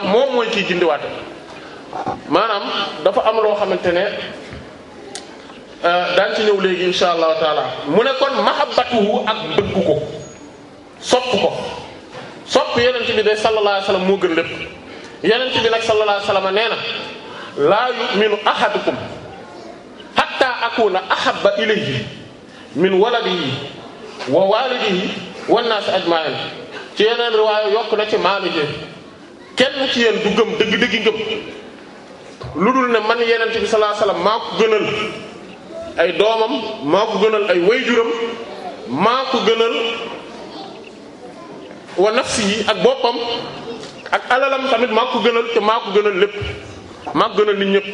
ndax moom mooy kii gindiwaate maanaam dafa am loo xamante ne euh, daan ci ñëw léegi insha allah taala mu ne kon mahabbatuhu ak bëgg ko sopp ko sopp yonent bi day sallallahu alayhi moo gën lépp yonent bi nag sallallahu alayhi wasallam nee na laa yu'minu ahadukum hatta akuna ahabba ilayhi min waladihi wa walidihi wan naas ajma'in ci yeneen riwaayo yokk na ci maalo ji kenn ci yéen du gëm dëgg-dëggi ngëm lu dul ne man yenent bi sallallahu alayhi maa ko gënal ay doomam maa ko gënal ay way juram maa ko gënal wa nafsi yi ak boppam ak alalam tamit maa ko gënal te maa ko gënal lépp maa ko gënal nit ñëpp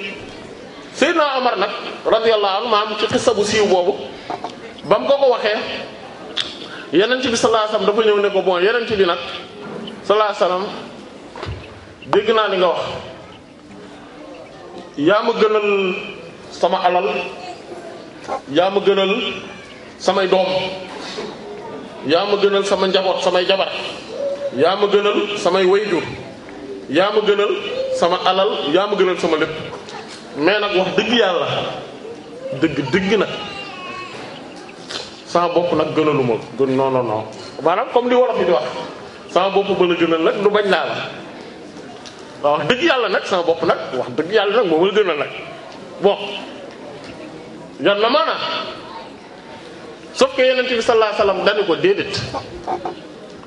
Seydina Omar nag radiyallahu anhu maam ci xissa bu siiw boobu ba mu ko ko waxee yenent bi sallallahu dafa ñëw ne ko bon yenent bi nag sallallahu dégg naa li nga wax yaa ma gënal sama alal yaa ma gënal samay doom yaa ma gënal sama njaboot samay jabar yaa ma gënal samay wayjur yaa ma gënal sama alal yaa ma gënal sama lépp mais nag wax dëgg yàlla dëgg dëgg nag sama bopp nag gënalu ma gën non non non maanaam comme li wolof yi di wax sama bopp ba la gënal nag du bañ laa la waaw wax dëgg yàlla nag sama bopp nag wax dëgg yàlla nag moom la gën a nag bon yor na maanaam sauf que yeneen bi sallallahu alayhi wasallam dañu ko déedéet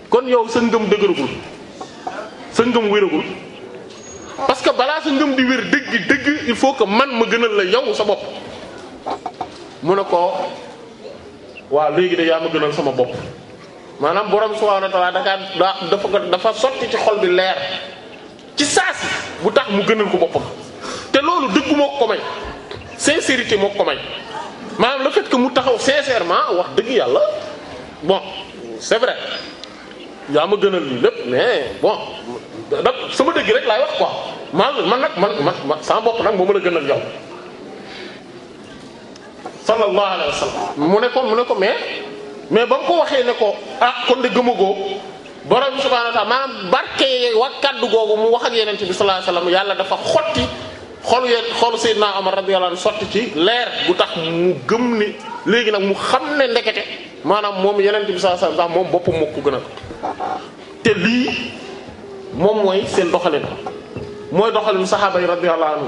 kon yow sa ngëm dëgëragul sa ngëm wéragul parce que balaa sa ngëm di wér dëgg dëgg il faut que man ma gënal la yow sa bopp mu ne ko waaw léegi de yaa ma gënal sama bopp maanaam borom subhanahu wa ta'ala dafa dafa sotti ci xol bi leer. ci saasi bu tax mu gënal ko boppam te loolu dëgg moo ko may sincérité moo ko may maanaam le fait que mu taxaw sincèrement wax dëgg yàlla bon c'est vrai yaa ma gënal lii lépp mais bon da sama dëgg rek laay wax quoi man man nag man man sama bopp nag moo ma la gënal yow. sallallahu alayhi wa sallam mu ne ko mu ne ko mais mais ba mu ko waxee ne ko ah kon de gëmagoo. borom bi subhanahu wa ta'ala maanaam barke wa kàddu googu mu wax ak yeneen bi sallallahu alayhi yàlla dafa xotti xolu yéen xolu Seydina Omar radiyallahu anhu sotti ci leer bu tax mu gëm ni léegi nag mu xam ne ndekete maanaam moom yeneen bi sallallahu alayhi wasallam moom bopp moo ko gën a te lii moom mooy seen doxalin mooy doxalin saxaaba yi radiyallahu anhu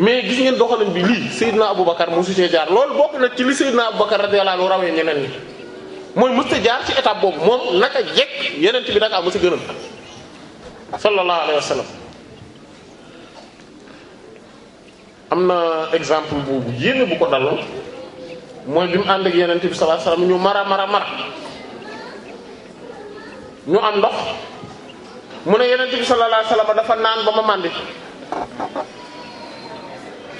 mais gis ngeen doxalin bi lii Seydina Aboubacar mu su cee jaar loolu bokk na ci li Seydina Aboubacar radiyallahu anhu rawee ñeneen ñi. mooy mësta jaar ci étape boobu moom naka jekk yenent bi naka mësa gënal sallallahu alayhi wa am na exemple bu yéeme bu ko daloon mooy bi mu ànd ak yenent bi sallallahu alayhi wa sallam ñu mara ñu am ndox mu ne yenent bi sallallahu alayhi wa dafa naan ba ma màndi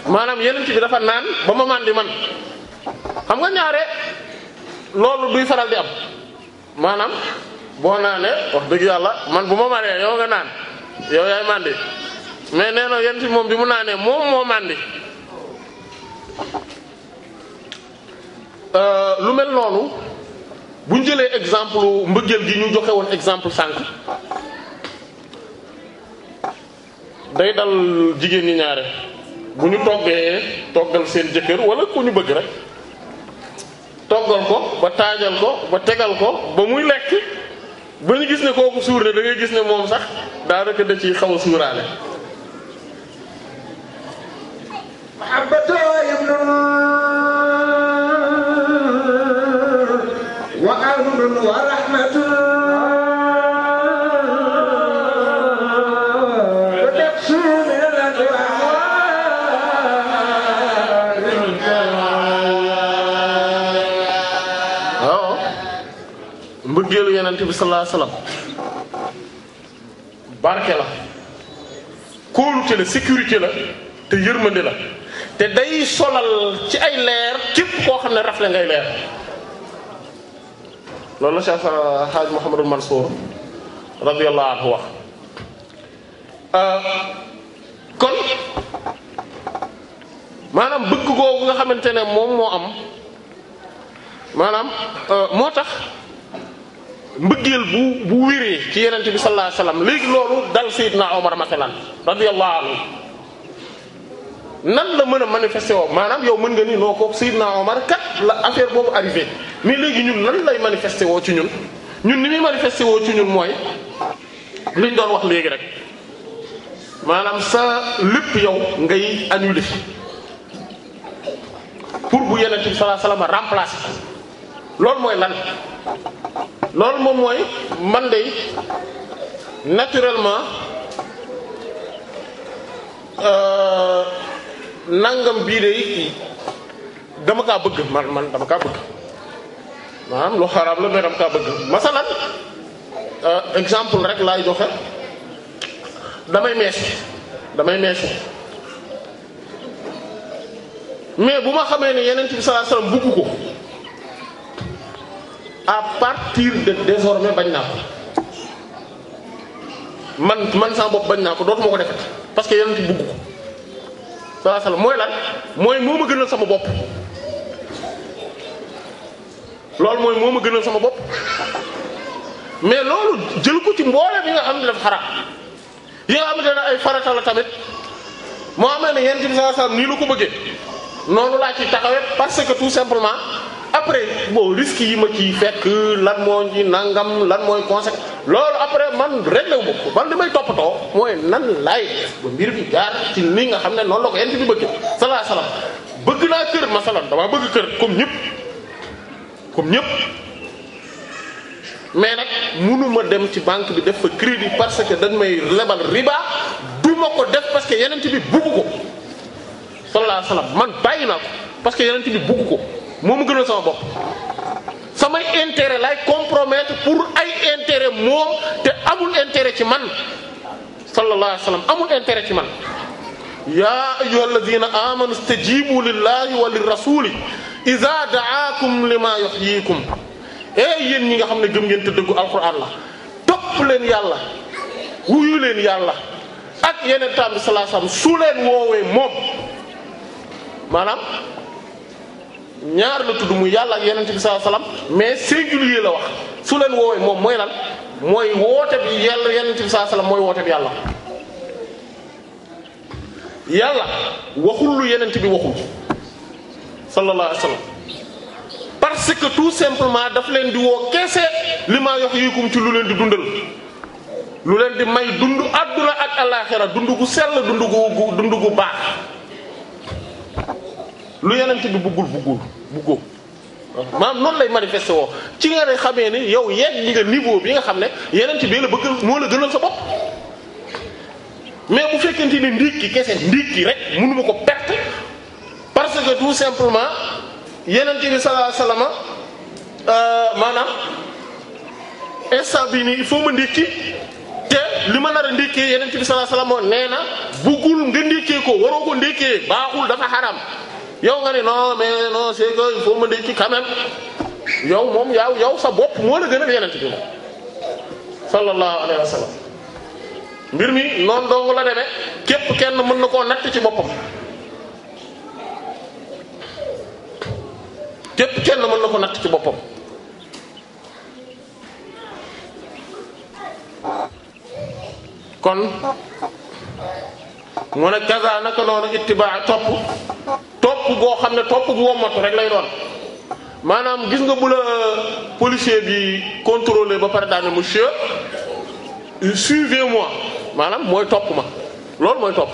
maanaam yenent bi dafa naan ba ma màndi man xam nga ñaare loolu duy faral di am maanaam boo naanee wax dëgg yàlla man bu ma maree yow nga naan yow yaay màndi mais nee na yent moom bi mu naanee moom moo màndi euh, lu mel noonu buñ jëlee exemple mbëggeel gi ñu joxe woon exemple sànq day dal jigéen ñi ñaare bu ñu toggee toggal seen jëkkër wala ku ñu bëgg rek toggal ko ba taajal ko ba tegal ko ba muy lekk ba ñu gis ne kooku suur ne da ngay gis ne moom sax daanaka da ciy xaw a suuraale sallallahu alayhi barke la kóolute la sécurité la te yërmande la te day solal ci ay leer képp koo xam ne rafle ngay leer loolu la Cheikh Hadj Mouhamadul Mansour radiyallahu anhu wax euh, kon maanaam bëgg googu nga xamante ne moom moo am maanaam euh, moo tax mbëggeel bu bu wéeree ci yenente bi sallallahu alayhi wasallam léegi loolu dal sayyidna Omar masalan radiyallahu anhu nan la mën a manifesté woo maanaam yow mën nga ni noo ko na Omar kat la affaire boobu arrivé mais léegi ñun nan lay manifesté woo ci ñun ñun ni muy manifesté woo ci ñun mooy liñ doon wax léegi rek maanaam sa lépp yow ngay annulé pour bu yenente bi sallallahu alayhi wasallam remplacer loolu mooy lan loolu moom mooy man de naturellement euh, nangam bii de dama kaa bëgg man man dama kaa bëgg maanaam lu xaraam la mais dama kaa bëgg masalan euh, exemple rek laay joxe damay mees damay meesu mais bu ma xamee ne yeneen bi sallallahu alayhi wasallam ko à partir de désormais bañ naa ko man man sama bopp bañ naa ko dootuma ko defet parce que yonent bugg ko sallallahu mooy lan mooy moo ma gënal sama bopp loolu mooy moo ma gënal sama bopp mais loolu jël ko ci mboole bi nga xam ne dafa xaraam yi nga xamante ne ay farata la tamit moo amee na yonent bi sallallahu alayhi wasallam nii lu ko bëggee noonu laa ci taxawee parce que tout simplement après boo risque yi ma ciy fekk lan moo ci nangam lan mooy conséquence loolu après man réglé wu ko man li may toppatoo mooy nan laay ba mbir bi jaar ci ni nga xam ne noonu la ko yent bi bëgg salaa salaam bëgg naa kër masalan damaa bëgg kër comme ñëpp comme ñëpp mais nag munuma dem ci banque bi def fa crédit parce que dañ may lebal riba du ma ko def parce que yenent bi bugg ko man bàyyi naa ko parce que yenent bi bugg ko moo ma gënal sama bopp samay intérêt lay compromettre pour ay intérêt moom te amul intérêt ci man sallallahu alayhi wa amul intérêt ci man yaa ayyuhal ladina amanu stajibu lillahi wa lirrasuli ida daakum lima yuhyikum ee eh, yéen ñi nga xam ne gëm ngeen te dëggu alquran la leen yàlla wuyu yàlla ak yeneen taam bi su leen woowee moom maanaam ñaar la tudd muy yàlla ak yenente bi saa alayhi wasallam mais singulier la wax su leen woowee moom mooy lan mooy woote bi yàlla bi sallallahu alayhi mooy woote bi yàlla yàlla waxul lu yenente bi waxul sallallahu alayhi wasallam parce que tout simplement daf leen di woo kese li maa yox yikum ci lu leen di dundal lu leen di may dund àdduna ak alaxira dund gu sell dund gu dund gu baax lu yenent bi bëggul bëggul buggoo maanaam noonu lay manifesté woo ci nga ne xamee ne yow yegg nga niveau bi nga xam ne yeneen ci bee la bëgg moo la gënal sa bopp mais bu fekkente ni ndikki kese ndikki rek mënuma ko perte parce que tout simplement yeneen ci bi sallallahu alayhi euh, maanaam instant bi nii il faut ma ndikki te li ma nar a ndékkee yeneen ci bi sallallahu alayhi nee na buggul nga ndékkee ko waroo ko ndékkee baaxul dafa xaram yow nga ne non mais non c'est que il faut ma yow moom yow yow sa bopp moo la gën a yeneen bi moom sallallahu alayhi wa mbir mi noonu dong la demee képp kenn mën na koo natt ci boppam képp kenn mën na ko natt ci boppam kon mu ne kaza naka noonu ittibaa topp topp goo xam ne topp gu wommatu rek lay doon maanaam gis nga bu la policier bi contrôlé ba pare daane monsieur suivez-moi maanaam mooy topp ma loolu mooy topp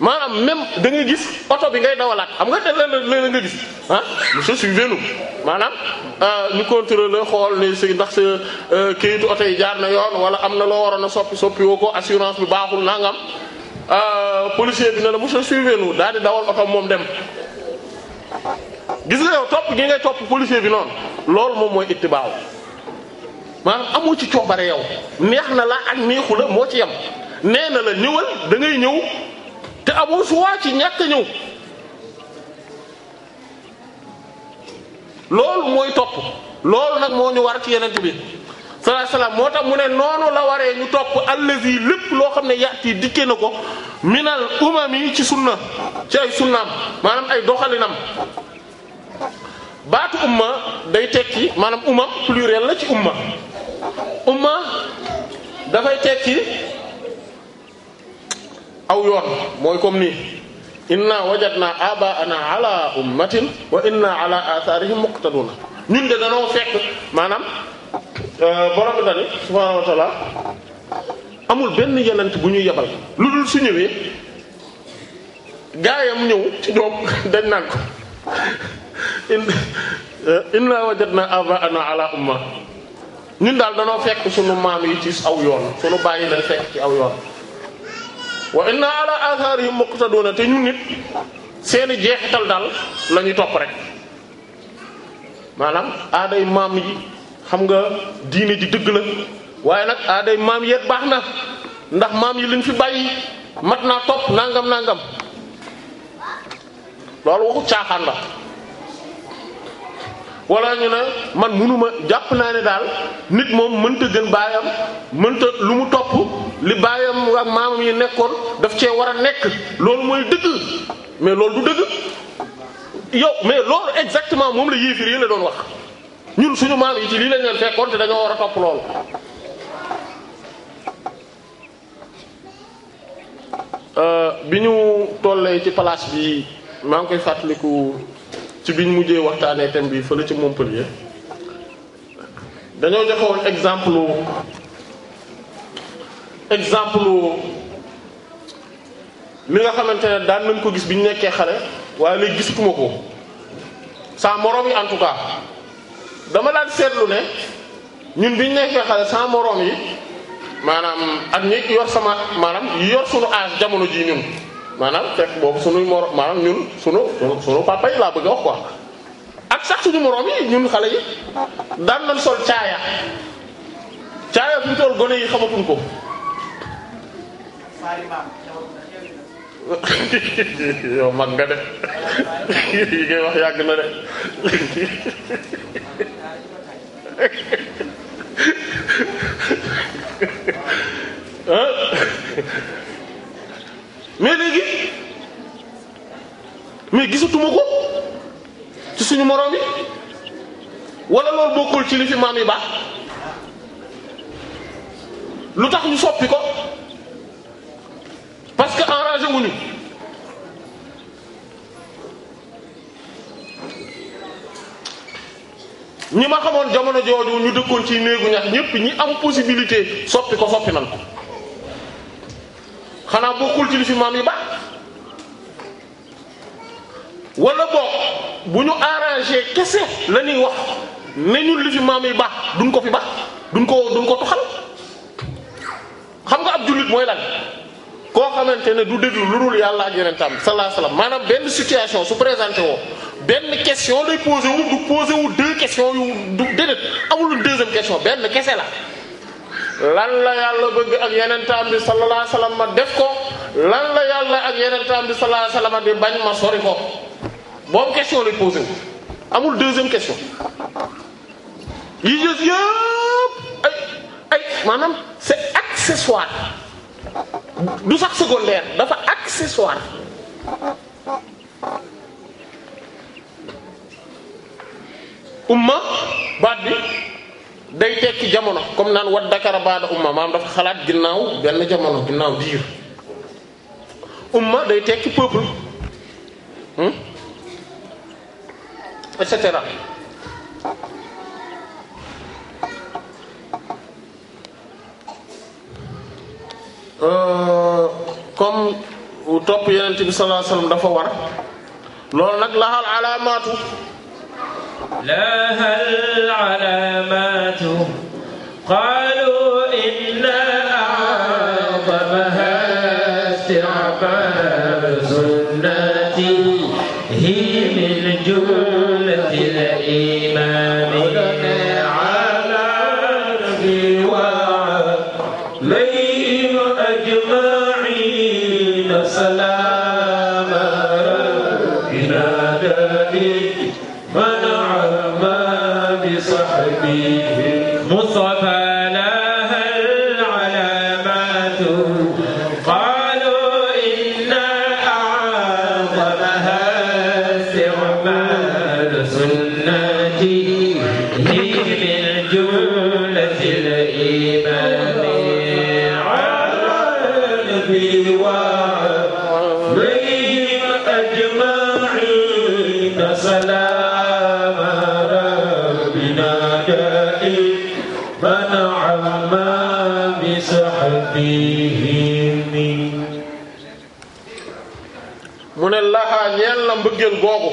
maanaam même da nga gis oto bi ngay dawalaat xam nga léeg-léeg la nga gis ah monsieur suivez-nous maanaam euh, ñu contrôler xool ni si ndax sa euh, kayitu oto jaar na yoon wala am na loo waroon a soppi soppi woo ko assurance bi baaxul nangam. Euh, policier bi na la monsieur suivez nous daal di dawal oto moom dem gis nga yow topp gi nga topp policier bi noonu loolu moom mooy ittibaaw maanaam amoo ci coobare yow neex na la ak neexu la moo ci yem nee na la ñëwal dangay ñëw te amoo choix ci ñàkk ñëw loolu mooy topp loolu nag moo ñu war ci yeneen bi salaai moo tax mu ne noonu la waree ñu topp allazi lépp loo xam ne yàtti dikke na ko minal umami ci sunna ci ay sunnaam maanaam ay doxalinam baatu umma day tekki maanaam umma pluriel la ci umma umma dafay tekki aw yoon mooy comme nii inna wajadna abaana ala ummatin wa inna ala atharihim muqtaduna ñun de danoo fekk maanaam Euh, borom bi dani subhaanahu amul benn yenent bu ñuy yebal lu dul su ñëwee gaayam ñëw ci doom dañ naan ko euh, inna wajadna abaana ala umma ñun daal danoo fekk sunu maam yi ci aw yoon sunu bàyyi dañ fekk ci aw yoon wa inna ala atharihim muqtaduna te ñun nit seeni jeexital daal la topp rek maanaam aaday maam yi xam nga diine ji dëgg la waaye nag aaday maam yeet baax na ndax maam yi liñ fi bàyyi mat naa topp nangam nangam loolu waxu caaxaan la wala ñu ne man mënuma jàpp naa ne daal nit moom mënta gën baayam mënta lu mu topp li baayam ak maamam yi nekkoon daf cee war a nekk loolu mooy dëgg mais loolu du dëgg yow mais loolu exactement moom la yéefir yi la doon wax ñun suñu maam yi ci lii lañ leen fekkoon te dañoo war a topp loolu euh, bi ñu tollee ci place bi maa ngi koy fàttaliku ci bi biñ mujjee waxtaanee thème bii fële ci Montpellier dañoo joxewoon exemple exemple li nga xamante ne daan nañ ko gis bi ñu nekkee xale waaye léegi gisatuma ko saa moroom yi en dama daan seetlu ne ñun biñ nekkee xale sans morom yi maanaam ak ñi yor sama maanaam yor sunu âge jamono ji ñun maanaam fekk boobu sunuy morom maanaam ñun sunu sunu papa yi laa bëgg a wax quoi ak sax suñu morom yi ñun xale yi daan nañ sol caaya caaya fi mu toll gone yi xamatuñ ko. yow mag nga de yi ngay wax yàgg na de. ah mais léegi mais gisatuma ko ci suñu moroom yi wala loolu bokkul ci li fi maam ba baax lu tax ñu soppi ko parce que enragé wuñu ñi ma xamoon jamono jooju ñu dëkkoon ci néegu ñax ñépp ñi am possibilité soppi ko soppi nan ko xanaa bokkul ci li fi maam yi baax wala boog bu ñu arrangé kese la ñuy wax ne ñun li fi maam yi baax duñ ko fi baax duñ ko duñ ko toxal xam nga am jullit mooy lan koo xamante ne du déglu lu dul yàlla ak yeneen tam sallallahu alayhi wasallam benn situation su présenté woo benn question lay posé wu du posé wu deux questions du déedéet amul deuxième question benn kese la. lan la yàlla bëgg ak yenentaam bi sallallahu alayhi wasallam ma def ko lan la yàlla ak yenentaam bi sallallahu alayhi wasallam di bañ ma sori ko boobu question lay posé amul deuxième question yi gës yëpp ay ay maanaam c'est accessoire du sax secondaire dafa accessoire umma baat bi day tekki jamono comme naan wat dakara baada umma maam dafa xalaat ginnaaw benn jamono ginnaaw diir umma day tekki peuple hmm? et cetera euh, comme topp yeneen bi sallallahu war loolu nag laxal alaamaatu لها العلامات قالوا إنا أعظمها استعمال سنتي هي من جود bi xadimi mu ne laxaa ñeel na mbëggeel googu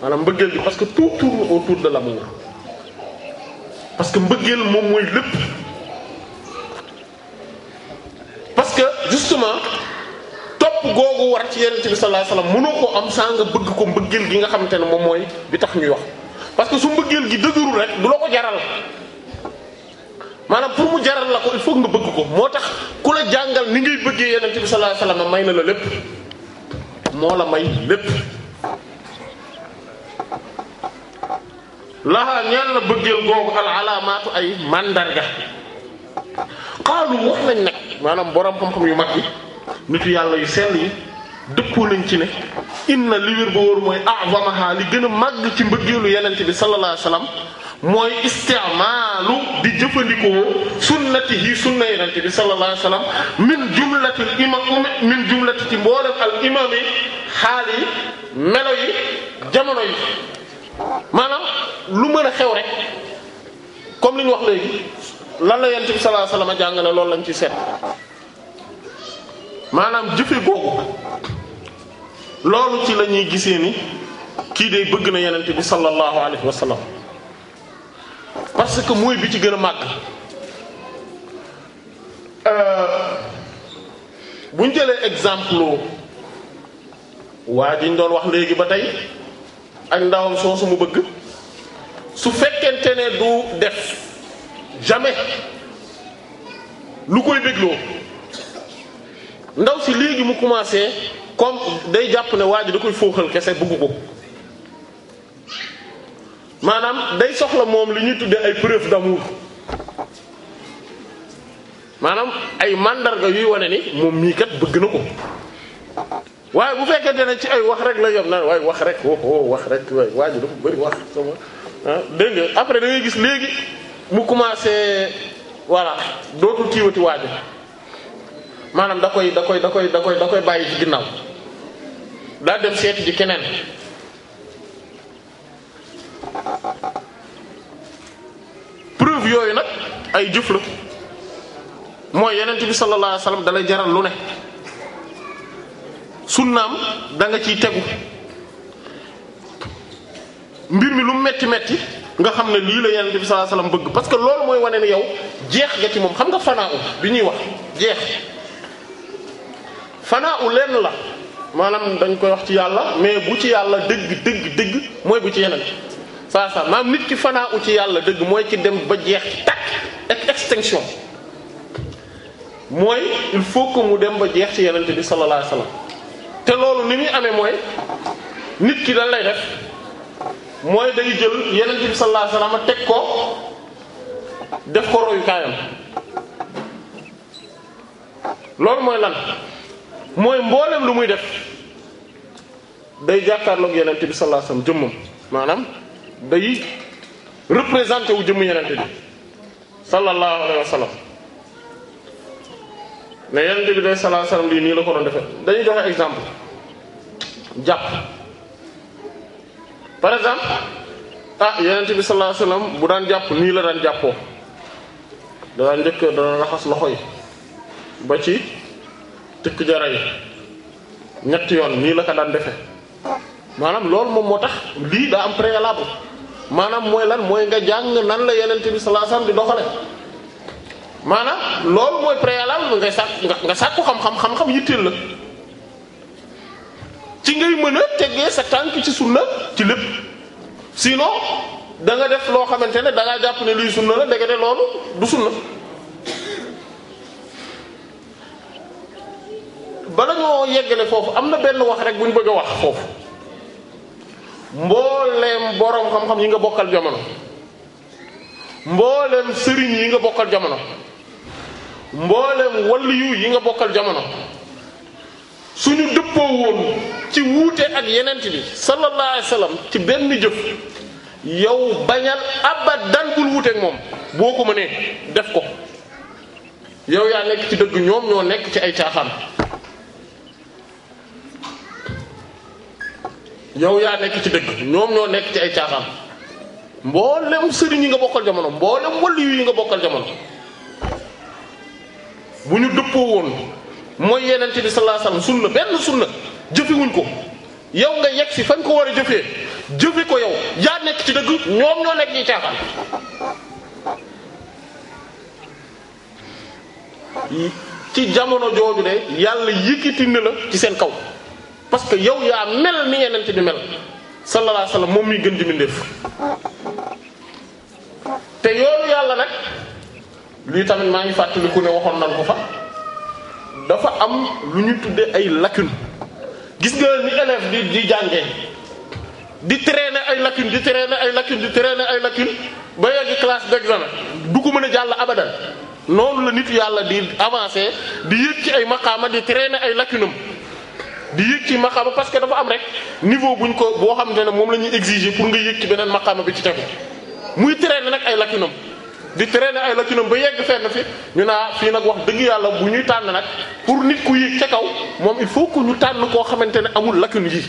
maanaam mbëggeel bi parce que tout tourne autour de l'amour parce que mbëggeel moom mooy lépp parce que justement topp googu war ci yenent bi sallallahu alayhi ko am saa nga bëgg ko mbëggeel gi nga xamante ne moom mooy bi tax ñuy wax parce que su mbëggeel gi dëgërul rek du la ko jaral maanaam pour mu jaral la ko il faut nga bëgg ko moo tax ku la jàngal ni ngay bëggee yonent bi sallallahu alayhi may na la lépp may lépp laxaa ñaan la bëggeel ay mandarga xaalu wax maanaam boroom yu mag yàlla yu sell yi dëppoo nañ ci ne inna li wér mooy li gën a màgg ci mbëggeelu yonent bi sallallahu alayhi mooy istimaalu di jëfandikoo sunnatihi sunna yonent bi sallallahu alayhi wasallam min jumlatil imaam min jumlati ci mboolem al imaam yi xaal yi melo yi jamono yi maanaam lu mën a xew rek comme li ñu wax léegi lan la yonent bi sallallahu alayhi wasallam loolu lañ ci seet maanaam ci la ñuy gisee ni kii de bëgg na yonent bi sallallahu alayhi wasallam parce que muy bi ci gën a màgg euh, bu ñu jëlee exemple waa ji ñu doon wax léegi ba tey ak ndawam soosu mu bëgg su fekkente ne du def jamais lu koy bégloo ndaw si léegi mu commencé comme day jàpp ne waa ji da koy fooxal kese bëgg ko maanaam day soxla moom lu ñuy tuddee ay preuve d'amour maanaam ay mandarga yuy wane ni moom mii kat bëgg na ko waaye bu fekkente ne ci ay wax rek la yom na waaye wax rek wo oh, oh, wax rek waay waa ji dafa bari wax sama ah après da gis léegi mu commencé voilà dootul kiiwati waajo maanaam da koy da koy da koy da koy da koy bàyyi ci ginnaaw daa dem seeti ji keneen preuve yooyu nag ay jëf la mooy yenent bi sallallahu alayhi wasallam dalay jaral lu ne sunnaam danga nga ciy tegu mbir mi lu metti metti nga xam ne lii la yenent bi sallallahu alayhi bëgg parce que loolu mooy wane ni yow jeex nga ci moom xam nga fanaaw bi ñuy wax jeex fanaaw lenn la maanaam dañ koy wax ci yàlla mais bu ci yàlla dëgg dëgg dëgg mooy bu ci yeneen saa saa maam nit ki fanaa u ci yàlla dëgg mooy ki dem ba jeex takk ak extinction mooy il faut que mu dem ba jeex ci yenente bi sallallahu alayhi wasallam te loolu ni muy amee mooy nit ki lan def mooy day jël yenente bi sallallahu alayhi wasallam teg ko def ko royukaayam loolu mooy lan mooy mboolem lu muy def day jàkkaarloog yenente bi sallallahu alayhi wasallam jëmmam maanaam day représenté wu jëmm yenente bi sallallahu alayhi wa sallam ne yenente bi day sallallahu alayhi lii nii la ko doon defee dañuy joxe exemple jàpp par exemple ah yenente bi sallallahu alayhi bu daan jàpp nii la daan jàppoo da daan njëkk da daan loxo yi ba ci tëkk jara yi ñetti yoon nii la ko daan defee maanaam loolu moom moo tax lii daa am préalable maanaam mooy lan mooy nga jàng nan la yenente bi sallallahu alayhi wasallam di doxale maanaam loolu mooy préalable nga sàkk nga sàkku xam-xam xam-xam yitteel la ci ngay mën tege sa tànk ci sunna ci lépp sinon da nga def loo xamante ne danga jàpp ne lii sunna la ndekete loolu du sunna bala ñoo yeggale foofu am na benn wax rek bu ñu bëgg a wax foofu mbooleem boroom xam-xam yi nga bokkal jamono mboolem sëriñ yi nga bokkal jamono mbooleem walliyu yi nga bokkal jamono suñu dëppoo woon ci wuute ak yenent bi sallallahu alayhi ci benn jëf yow bañal abadan bul moom boo ko nee def ko yow yaa nekk ci dëgg ñoom ñoo nekk ci ay caaxaan yow yaa nekk ci dëgg ñoom ñoo nekk ci ay caaxaan mboolem sëriñ yi nga bokkal jamono mboolem waliyu yi nga bokkal jamono bu ñu dëppoo woon mooy yenente bi sallallahu alayhi sunna benn sunna jëfewuñ ko yow nga yegg si fañ ko war a jëfee jëfe ko yow yaa nekk ci dëgg ñoom ñoo nekk ci caaxaan ci jamono jooju de yàlla yëkkati la ci seen kaw parce que yow yaa mel ni yeneen ci di mel sallallahu alayhi moom miy gën di mbindeef te yoonu yàlla nag lii tamit maa ngi fàttaliku ne waxoon nañ ko fa dafa am lu ñu tuddee ay lakkin gis nga ni élève di di jàngee di traîner ay lacune di traîner ay lacune di traîner ay lacune ba yegg classe d'examen du ko mën a jàll abadan noonu la nit yàlla di avancer di yëg ci ay makaama di traîner ay lacune di yëg ci maqaama parce que dafa am rek niveau buñ ko boo xamante ne moom la ñuy exiger pour nga yëg ci beneen maqaama bi ci tegu muy traîner nag ay lacunes di traîner ay lacunes ba yegg fenn fi ñu naa fii nag wax dëgg yàlla bu ñuy tànn nag pour nit ku yëg ca kaw moom il faut que ñu tànn koo xamante ne amul lacune yi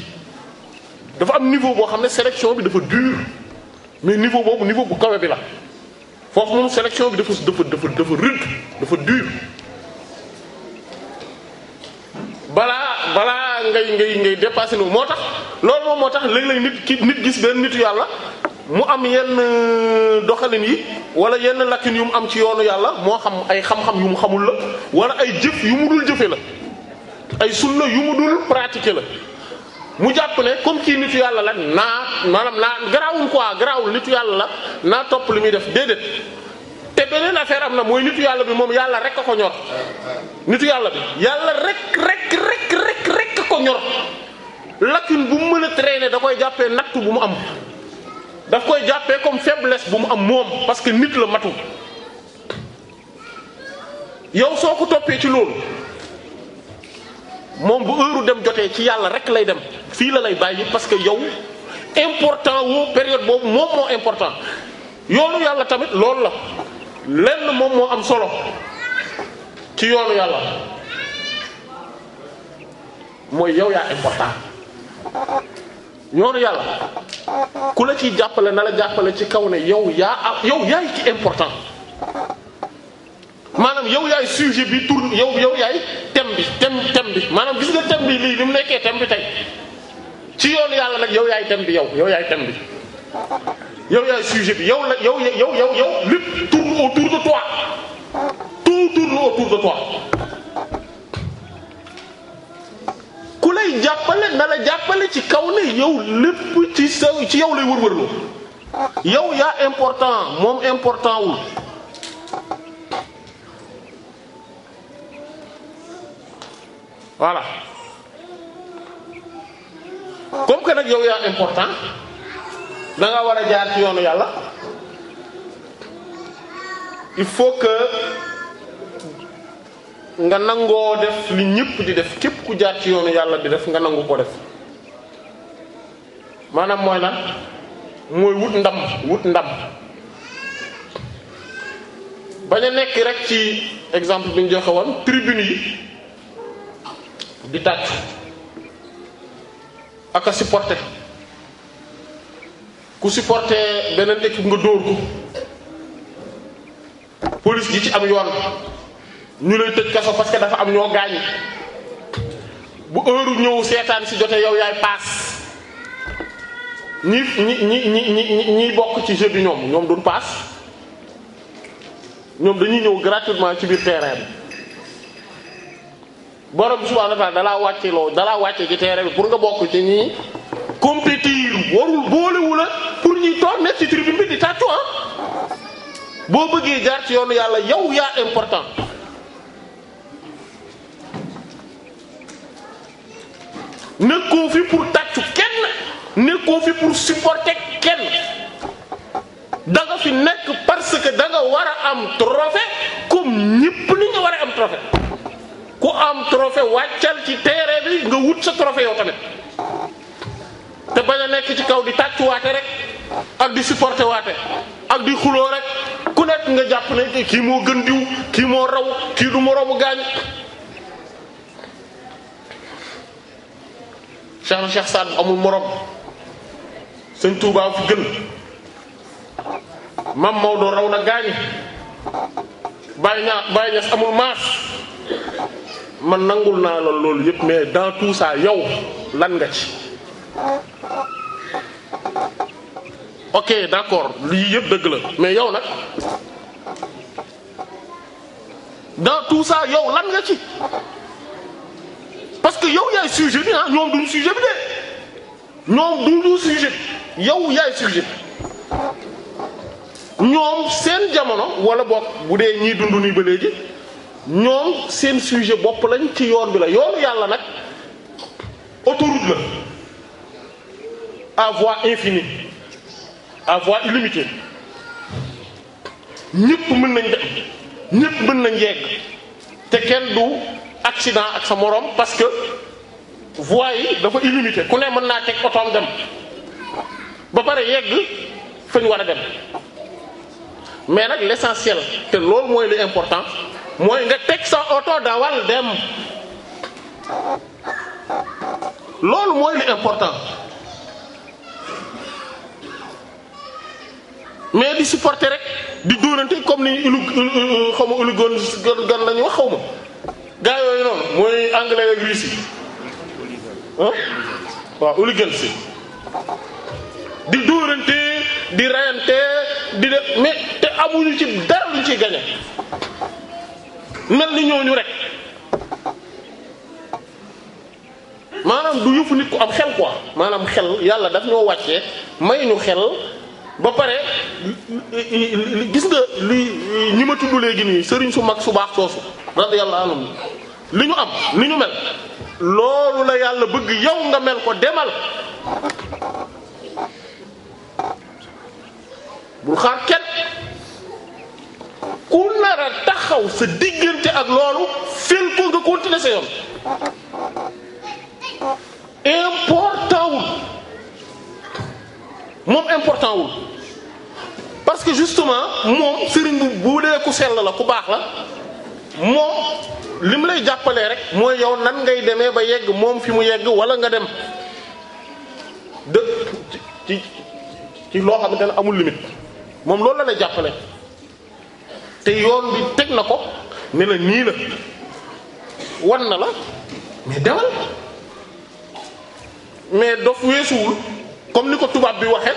dafa am niveau boo xam ne sélection bi dafa dur mais niveau boobu niveau bu kawe bi la foofu moom sélection bi dafa dafa dafa dafa rude dafa dur balaa balaa ngay ngay ngay dépassé nu moo tax loolu moom moo tax léegi léeg nit ki nit gis benn nitu yàlla mu am yenn euh, doxalin yi wala yenn lakkin yu mu am ci yoonu yàlla moo xam ay xam-xam yu mu xamul la wala ay jëf yu mu dul jëfe la ay sunna yu mu dul pratiquer la mu jàpp ne comme kii nitu yàlla la naa maanaam naa garaawul quoi garaawul nitu yàlla la naa topp lu muy def déedéet te beneen affaire am na mooy nitu yàlla bi moom yàlla rek a ko ñor nitu yàlla bi yàlla rek rek rek rek rek ko ñor lacune bu mu mën a traîner da koy jàppee natt bu mu am daf koy jàppee comme faiblesse bu mu am moom parce que nit la matu yow soo ko toppee ci loolu moom bu heure dem jotee ci yàlla rek lay dem fii la lay bàyyi parce que yow important woo période boobu moom moo important yoonu yàlla tamit loolu la lenn moom moo am solo ci yoonu yàlla mooy yow yaa important yoonu yàlla ku la ci jàppale na la jàppale ci kaw ne yow yaa am yow yaay ci important maanaam yow yaay sujet bi tourne yow yow yaay thème bi thème thème bi maanaam gis nga thème bi lii ni mu nekkee thème bi tey ci yoonu yàlla nag yow yaay thème bi yow yow yaay thème yow yaay sujet bi yow la yow yow yow yow lépp tourne autour de toi ku lay jàppale na la jàppale ci kaw ne yow lépp ci sa ci yow lay wërwërloo yow yaa important moom important wul voilà comme que nag yow yaa important da nga war a jaar ci yoonu yàlla il faut que nga nangoo def li ñëpp di def képp ku jaar ci yoonu yàlla di def nga nangu ko def maanaam mooy lan mooy wut ndam wut ndam bañ a nekk rek ci exemple bi ñu joxe woon tribune yi di tàcc ak a ku supporté beneen équipe nga dóor ko police gi ci am yoon ñu lay tëj kaso parce dafa am ñoo gaañ bu heure ñëw seetaan si jote yow yaay paas ñi ñi ñi ñi ñi ñi bokk ci jeu bi ñoom ñoom duñ paas ñoom dañuy ñëw gratuitement ci biir terrain bi borom bi subhanahu dalaa wàcce loo dalaa wàcce ci terrain bi pour nga bokk ci ñii compétir warul boolewu la pour ñuy toog nekk ci tribune bi di tàccu ah boo bëggee jaar ci yoonu yàlla yow yaa important nekkoo fi pour tàccu kenn nekkoo fi pour supporter kenn da fi nekk parce que da nga war a am trophée comme ñépp ni nga war a am trophée ku am trophée wàccal ci terrain bi nga wut sa trophée yow tamit te bañ a nekk ci kaw di tàccuwaate rek ak di supporté waate ak di xuloo rek ku nekk nga jàpp ne kii moo gën diw kii moo raw kii du moroomu gaañ Cheikh na Cheikh Sall amul morom sëñ Touba fi gën mam Maodo raw na gaañi bàyyi ñaa bàyyi ñas amul maas man nangul naa la loolu yëpp mais daatu saa yow lan nga ci ok d'accord lii yëpp dëgg la mais yow nag dans tout ça yow lan nga ci parce que yow yaay sujet bi ah ñoom duñu sujet bi de ñoom duñu sujet bi yow yaay sujet bi ñoom seen jamono wala bokk bu dee ñii dund nii ba léegi ñoom seen sujet bopp lañ ci yoon bi la yoonu yàlla nag autoroute la à voix infinie à voix ñëpp mën nañ dem ñëpp mën nañ yegg te kenn du accident ak sa morom parce que voie yi dafa illimité ku ne mën naa teg otoom dem ba pare yegg fa war a dem mais nag l'essentiel te loolu mooy li important mooy nga teg sa oto dawal dem loolu mooy li important mais di supporter rek di dóorante comme ni ulu euh, euh, euh, xaw ma ulu gon gan la ñu wax xaw ma gaa yooyu noonu mooy anglais ak si di dóorante di rayante di def mais te amuñu ci dara luñ ci gañe mel ni ñooñu rek maanaam du yëfu nit ku am xel quoi maanaam xel yàlla daf ñoo wàcce may ñu xel ba pare gis nga li ñi ma tudd léegi nii sëriñ su mag su baax soosu radiyallahu anhu li ñu am li ñu mel loolu la yàlla bëgg yow nga mel ko demal bul xaar kenn ku nar a taxaw sa diggante ak loolu fil ko nga continuer sa yoon important wul moom important wul parce que justement moom sëriñ bu bu ku sell la ku baax la moom li mu lay jàppalee rek mooy yow nan ngay demee ba yegg moom fi mu yegg wala nga dem de ci ci loo xamante ne amul limite moom loolu la lay jàppale te yoon bi teg na ko ne la nii la wan na la mais demal mais dof weesuwul comme ni ko tubaab bi waxee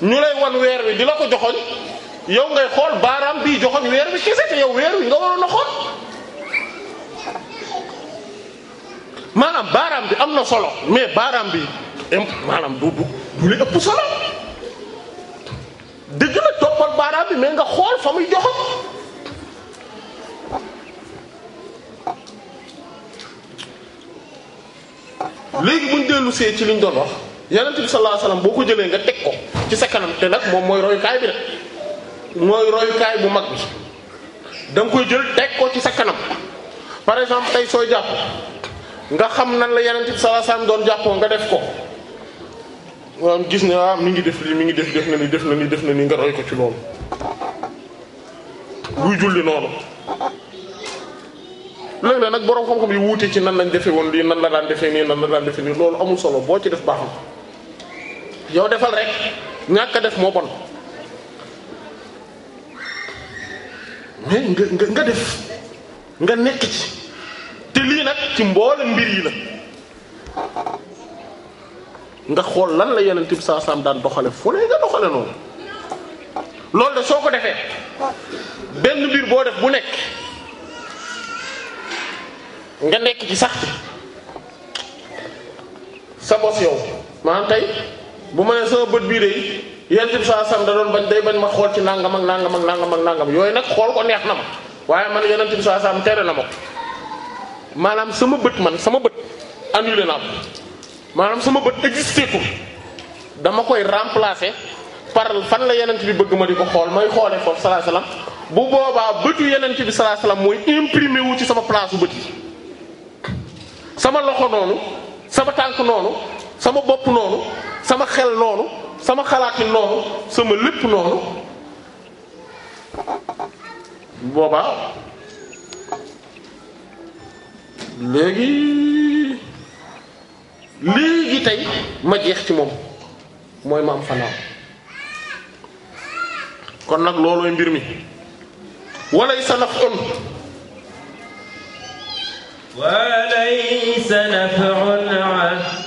ñu lay wan weer wi di la ko joxoñ yow ngay xool baaraam bii joxoñ weer wi kese te yow weer wi nga waroon a xool maanaam baaraam bi am na solo mais baaraam bi maanaam du du du li ëpp solo dëgg la toppal baaraam bi mais nga xool fa muy joxoñ léegi bu dellu see ci liñ doon wax yonent bi sallallahu alayhi boo ko jëlee nga teg ko ci sa kanam te nag moom mooy royukaay bi nag mooy royukaay bu mag bi da koy jël teg ko ci sa kanam par exemple tey soo jàpp nga xam nan la yonent bi sallallahu alayhi wasallam doon jàppoo nga def ko waaw gis ne ah mi ngi def lii mi ngi def def na ni def na ni def na ni nga roy ko ci loolu luy julli noonu léeg-léeg nag boroom xam-xam yi wuute ci nan lañ defe woon lii nan la daan defee nii nan la daan defee nii loolu amul solo boo ci def baax yow defal rek ñàkk a def moo bon mais nga nga def nga nekk ci te lii nag ci mboole mbir yi la nga xool lan la yeneen tib saa saam daan doxale fu ne nga doxale noonu loolu de soo ko defee benn mbir boo def bu nekk nga nekk ci sax ci sa bos yow maanaam tey bu ma ne sama bët bii de yéen ci saa sam da doon bañ day bañ ma xool ci nangam ak nangam ak nangam ak nangam yooyu nag xool ko neex na ma waaye man yonent bi saa sam tere na ma ko maanaam sama bët man sama bët annulé naa ko maanaam sama bët existé ko dama koy remplacer par fan la yonent bi bëgg ma di ko xool may xoolee foofu sallallahu alayhi bu boobaa bëtu yonent bi sallallahu alayhi wasallam mooy imprimé wu ci sama place su bët yi sama loxo noonu sama tànk noonu. sama bopp noonu sama xel noonu sama xalaat yi noonu sama lépp noonu boobaa léegi léegi tey ma jeex ci moom mooy ma am fanaaw kon nag loolooy mbir mi walay sa naf on walay sa naf on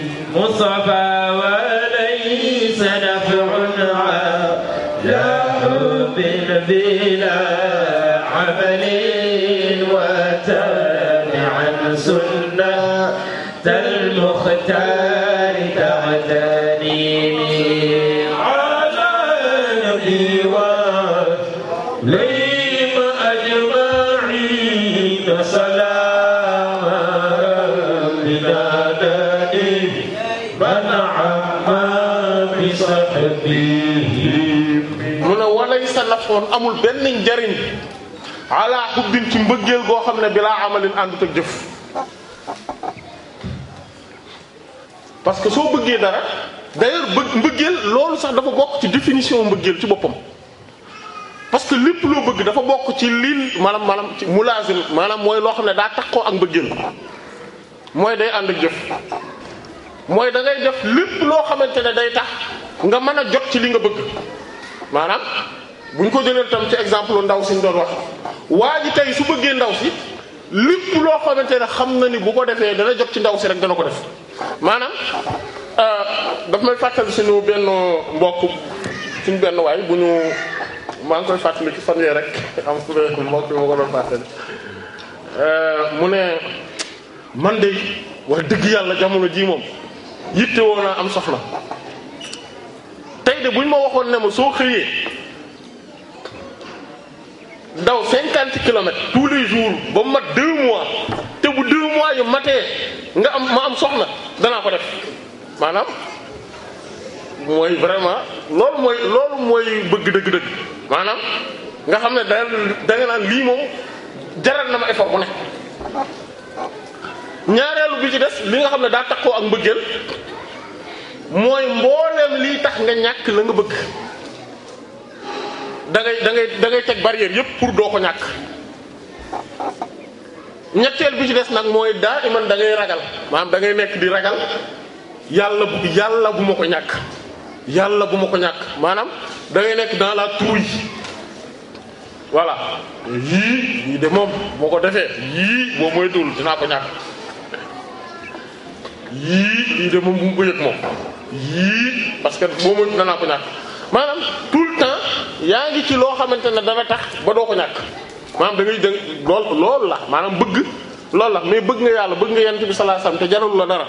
مصطفى وليس نفع على حب بلا عمل وتابع عن سنة المختار تعتني على نبيه mu ne walay sa nafoon amul benn njariñ ala xubbin ci mbëggeel goo xam ne bilaa amalin àndut ak jëf parce que soo bëggee dara d'ailleurs bë mbëggeel loolu sax dafa bokk ci définition mbëggeel ci boppam parce que lépp loo bëgg dafa bokk ci lii maanaam maanaam ci mulazim maanaam mooy loo xam ne daa takkoo ak mbëggeel mooy day ànd ak jëf mooy da ngay def lépp loo xamante ne day tax nga mën a jot ci li nga bëgg maanaam bu ñu ko jëlee tam ci exemple ndaw si ñu doon wax waa ji tey su bëggee ndaw si lépp loo xamante ne xam na ni bu ko defee dana jot ci ndaw si rek dana ko def maanaam euh, daf may fàttali suñu benn mbokk suñu benn waay bu ñu maa ngi koy fàttali ci fan yee rek am suñu ko doon fàttali euh, mu ne man de wax dëgg yàlla jamono jii moom. yitte woo naa am soxla tey de buñ ma waxoon ne ma soo xëyee daw cinquante kilomètres tous les jours ba mu mat deux mois te bu deux mois yu matee nga am ma am soxla danaa ko def maanaam mooy vraiment loolu mooy loolu mooy bëgg dëgg-dëgg maanaam nga xam ne da da naan lii moom jaral na ma effort bu ne ñaareelu bi ci des li nga xam ne daa takkoo ak mbëggeel mooy mbooleem lii tax nga ñàkk la nga bëgg da dangay dangay teg barrière yépp pour doo ko ñàkk ñetteel bi ci des nag mooy daa iman dangay ragal maanaam dangay nekk di ragal yàlla yàlla bu ma ko ñàkk yàlla bu ma ko ñàkk maanaam dangay nekk dans la trouille voilà yii yii de moom boo ko defee yii boo moytuwul dinaa ko ñàkk yii lii de moom bu mu ko yëg moom yii parce que boo moytu danaa ko ñàkk maanaam tout temps yaa ngi ci loo xamante ne dana tax ba doo ko ñàkk maanaam da ngay dégg lool la maanaam bëgg loolu la mais bëgg nga yàlla bëgg nga yent bi sallallahu alayhi wasallam te jaralu la dara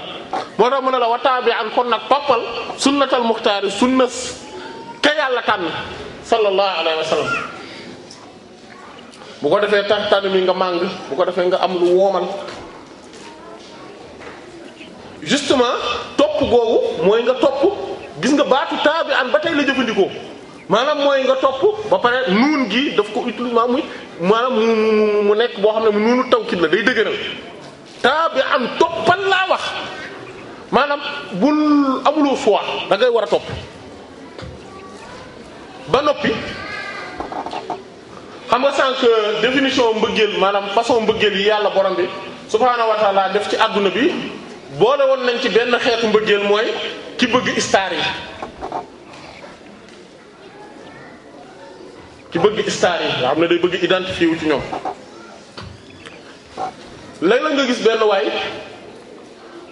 moo tax mu ne la wa taabi an kon nag toppal sunnatal muxtaari sunnas ka yàlla tànn sallallahu alayhi wasallam bu ko defee tax tànn mi nga màng bu ko defee nga am lu woomal justement topp googu mooy nga topp gis nga baatu taabi an ba tey la jëfandikoo maanaam mooy nga topp ba pare nuun gi daf ko utilise maanaam muy maanaam mu nekk boo xam ne mu nuunu tawkit la day dëgëral taabi an toppal laa wax maanaam bul amuloo fois da ngay war a topp ba noppi xam nga san sànq définition mbëggeel maanaam façon mbëggeel yi yàlla borom bi subhaanahu def ci àdduna bi boole woon nañ ci benn xeetu mbëggeel mooy ki bëgg star yi ki bëgg star yi nga xam ne day bëgg identifié wu ci ñoom léeg-léeg nga gis benn waay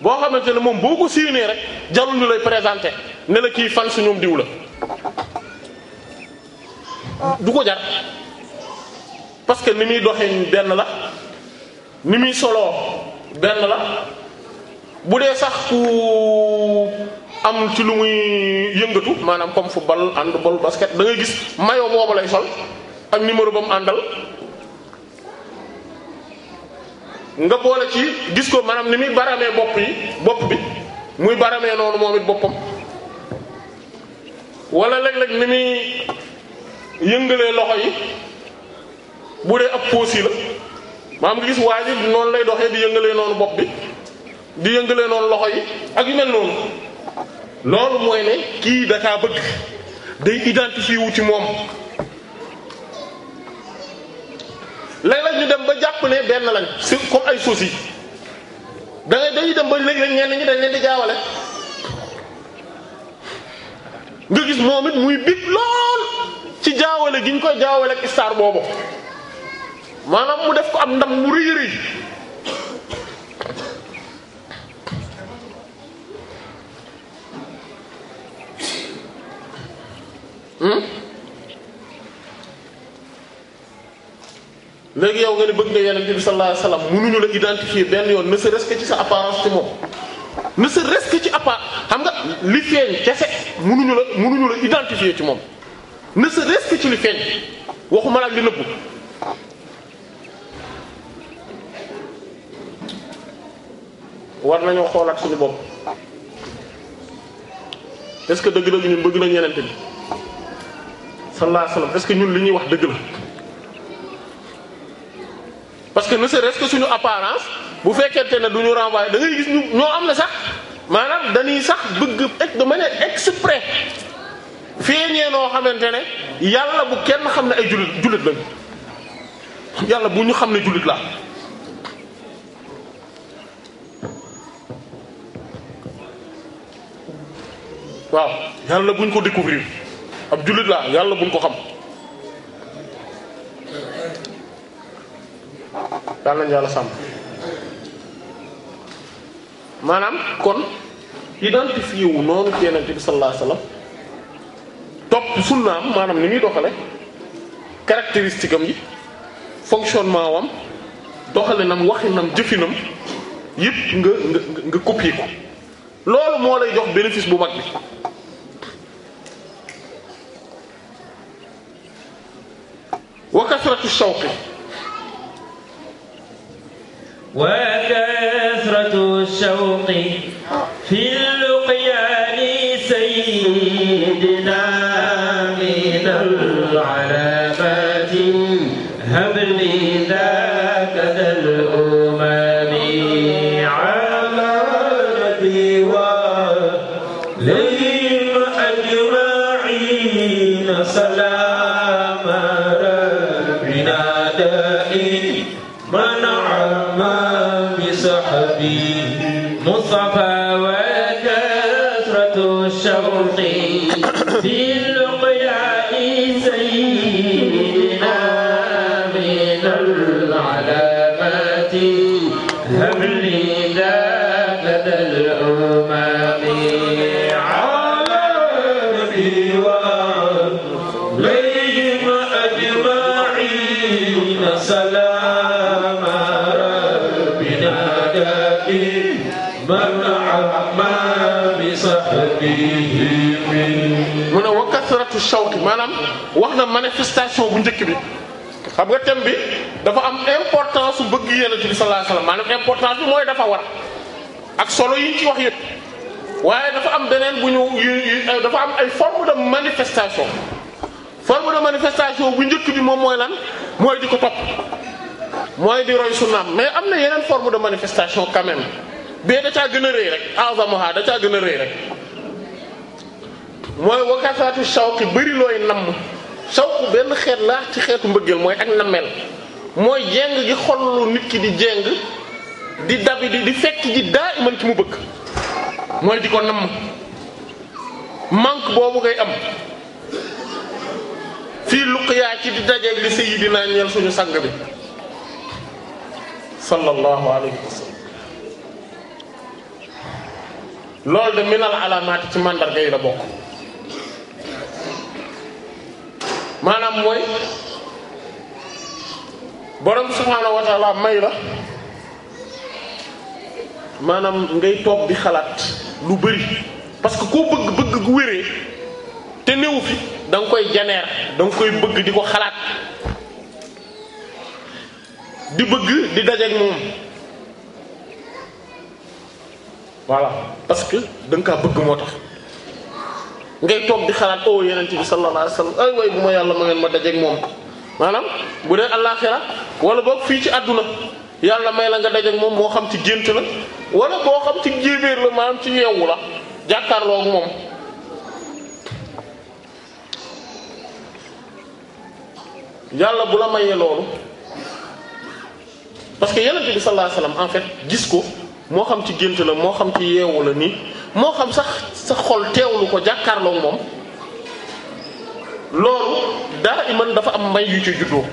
boo xamante ne moom boo ko siinee rek jarul ñu lay présenter ne la kii fan su ñoom diw la du ko jar parce que ni muy doxee benn la ni muy soloo benn la bu dee sax ku am ci lu muy yëngatu maanaam comme bal football handball basket da gis maillot boobu lay sol ak numéro ba mu àndal nga boole ci gis ko maanaam ni muy baramee bopp yi bopp bi muy baramee noonu moom it boppam walla léeg-léeg ni muy yëngalee loxo yi bu dee ab poos yi la maanaam nga gis waa ji noonu lay doxee di yëngalee noonu bopp bi di yëngalee noonu loxo yi ak yu mel noonu loolu mooy ne kii dakaa bëgg day identifié ci moom léeg-léeg ñu dem ba jàpp ne benn lañ si ko ay suus yi da dañuy dem ba léeg-léeg ñenn ñi dañ leen di jaawale nga gis moom it muy bit lool ci jaawale gi ñu koy jaawale ak star boobu maanaam mu def ko am ndam mu rëy léegi yow nga ne bëgg nga yonent bi sallallahu alayhi munuñu mënuñu la identifier benn yoon ne serait-ce que ci sa apparence ci moom ne serait-ce ci apparence xam nga li feeñ kese mënuñu la mënuñu la ci moom ne serait-ce que ci li feeñ waxuma la li nëbbu. war nañoo xoolaat suñu bopp te ce que dëgg-dëgg ñun bëgg nañ yonent bi. sallallahu alayhi wa sallam est-ce que ñun li ñuy wax dëgg la parce que ne serait-ce suñu apparence bu fekkente ne du ñu renvoyer gis ñu ñoo am na sax maanaam dañuy sax bëgg de manière exprès feeñee noo xamante ne yàlla bu kenn xam ne ay jullit jullit lañu yàlla bu ñu xam ne jullit laa waaw yàlla buñ ko découvrir ab jullit laa yàlla buñ ko xam yàlla nañ yàlla sàmm maanaam kon identifié wu noonu ci yenente bi sallallahu alayhi wasallam topp sunnaam maanaam ni muy doxale caractéristique am yi fonctionnement wam doxalinam waxinam jëfinam yëpp nga nga nga copier ko loolu moo lay jox bénéfice bu mag bi الشوقي وكثرة الشوق في shawki maanaam wax na manifestation bu njëkk bi xam nga thème bi dafa am importance su bëgg yonent a sallallahu alayhi wasallam maanaam importance bi mooy dafa war ak solo yi ci wax yëpp waaye dafa am beneen bu ñu dafa am ay forme de manifestation forme de manifestation bu njëkk bi moom mooy lan mooy di ko topp mooy di roy sunnaam mais am na yeneen forme de manifestation quand même bee da caa gën a rëy rek azamaha da caa gën a rëy rek mooy wakasaatu sawqi bëri looy namm sawq benn xeet la ci xeetu mbëggeel mooy ak nammeel mooy jeng gi xollu nit ki di jeng di dabi di di fekk ji daa iman ci mu bëgg mooy di ko nam manque boobu ngay am fii luqyaa ci di dajeeg li sayyidina ñeel suñu sang bi sallallahu alayhi wa sallam loolu de minal alaamaati ci màndarga la bokk maanaam mooy borom subhaanahu may la maanaam ngay toog di xalaat lu bëri parce que koo bëgg bëgg gu wéree te néew fi danga koy janeer da nga koy bëgg di ko xalaat di bëgg di dajeek moom voilà parce que da nga kaa bëgg moo tax ngay toom di xalaat o oh, yenente bi sallallahu alayhi wasallam ay way bu ma yàlla ma ngeen ma dajeeg moom maanaam bu dee àllaaxira wala boog fii ci àdduna yàlla may la nga dajeeg moom moo xam ci gént la wala boo xam ci jéebéer la ci yeewu la jàkkaarloo ak moom yàlla bu la mayee parce que yenente bi sallallahu en fait gis ko moo xam ci gént la moo xam ci yeewu la nii moo xam sax sa xol teewlu ko jàkkaarloo moom loolu daa iman dafa am mbay yu ci juddoo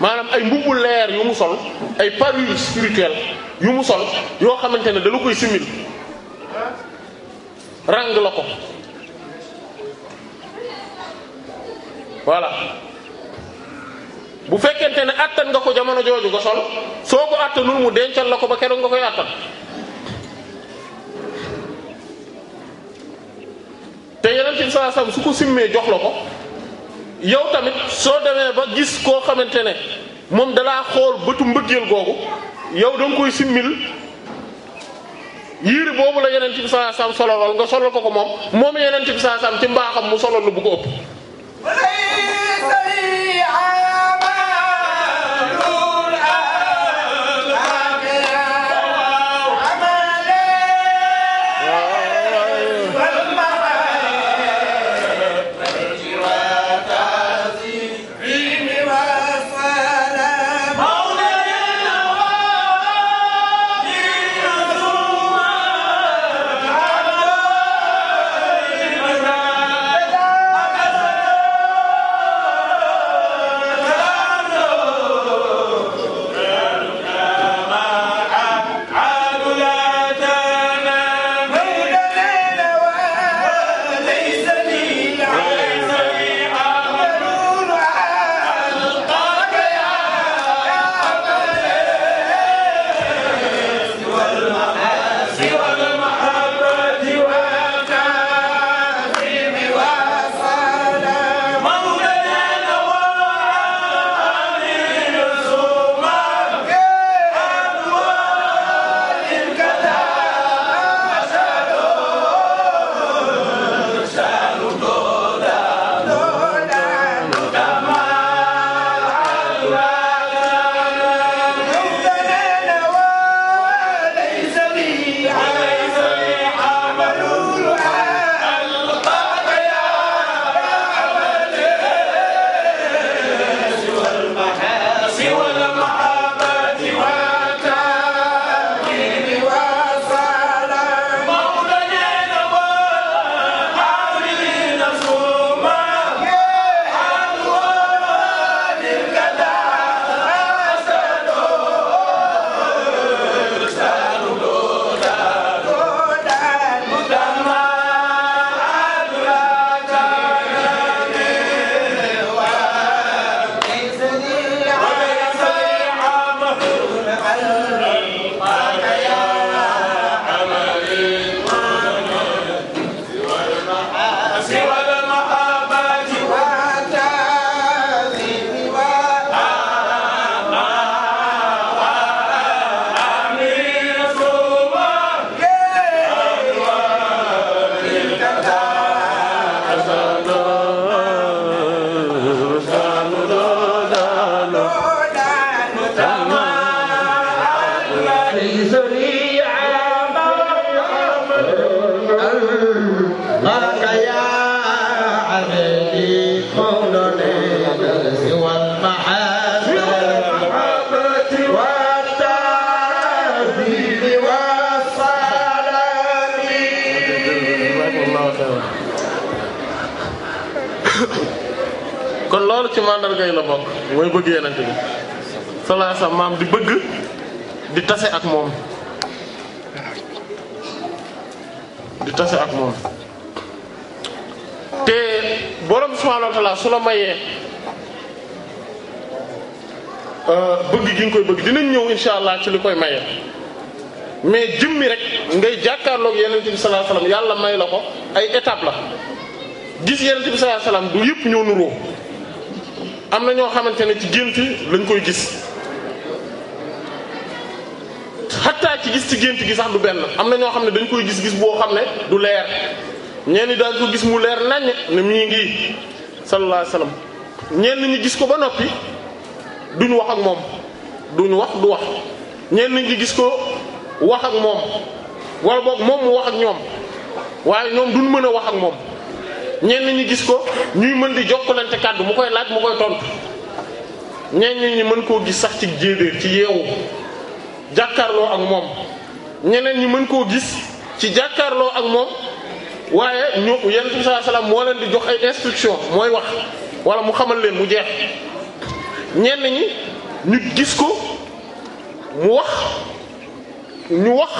maanaam ay mbubbu leer yu mu sol ay parures spirituelles yu mu sol yoo xamante ne dala koy simil ràng la ko voilà bu fekkente ne attan nga ko jamono jooju nga sol soo ko attanul mu dencal la ko ba keroog nga koy attan te yeneen ci saa sam su ko simmee jox la ko yow tamit soo demee ba gis koo xamante ne moom dalaa xool bëtu mbëggeel googu yow da nga koy simmil yére boobu la yeneen ci saa sam sololal nga solal ko ko moom moom yeneen ci saa sam ci mbaaxam mu solol lu bu ko ëpp sa maam di bëgg di tase ak moom di tase ak moom te borom subhaanahu su la mayee euh, bëgg gi nga koy bëgg dinañ ñëw insha allah ci li koy mayee mais mi rek ngay jàkkaarloog yenente bi sallallahu yàlla may la ko ay étape la gis yenente bi sallallahu du yëpp ñoo nuroo am na ñoo xamante ne ci gént lañ koy gis xattaa ci gis ci gént gi sax du benn am na ñoo xam ne dañ koy gis-gis boo xam ne du leer ñenn ñi daal ko gis mu leer naññ ne mu ngi sallallahu alayhi wasallam ñenn ñi gis ko ba noppi duñu wax ak moom duñu wax du wax ñenn ñi gis ko wax moom wala boog moom mu wax ak ñoom waaye ñoom duñ mën a wax ak moom ñenn ñi gis ko ñuy mën di jokkalante kàddu mu koy laaj mu koy tontu ñenn ñi mën koo gis sax ci jéedéer ci yeewu. jàkkaarloo ak moom ñeneen ñi mën koo gis ci jàkkaarloo ak moom waaye ñu yenent bi sallallahu alayhi wasallam moo leen di jox ay instruction mooy wax wala mu xamal leen mu jeex ñenn ñi ñu gis ko mu wax ñu wax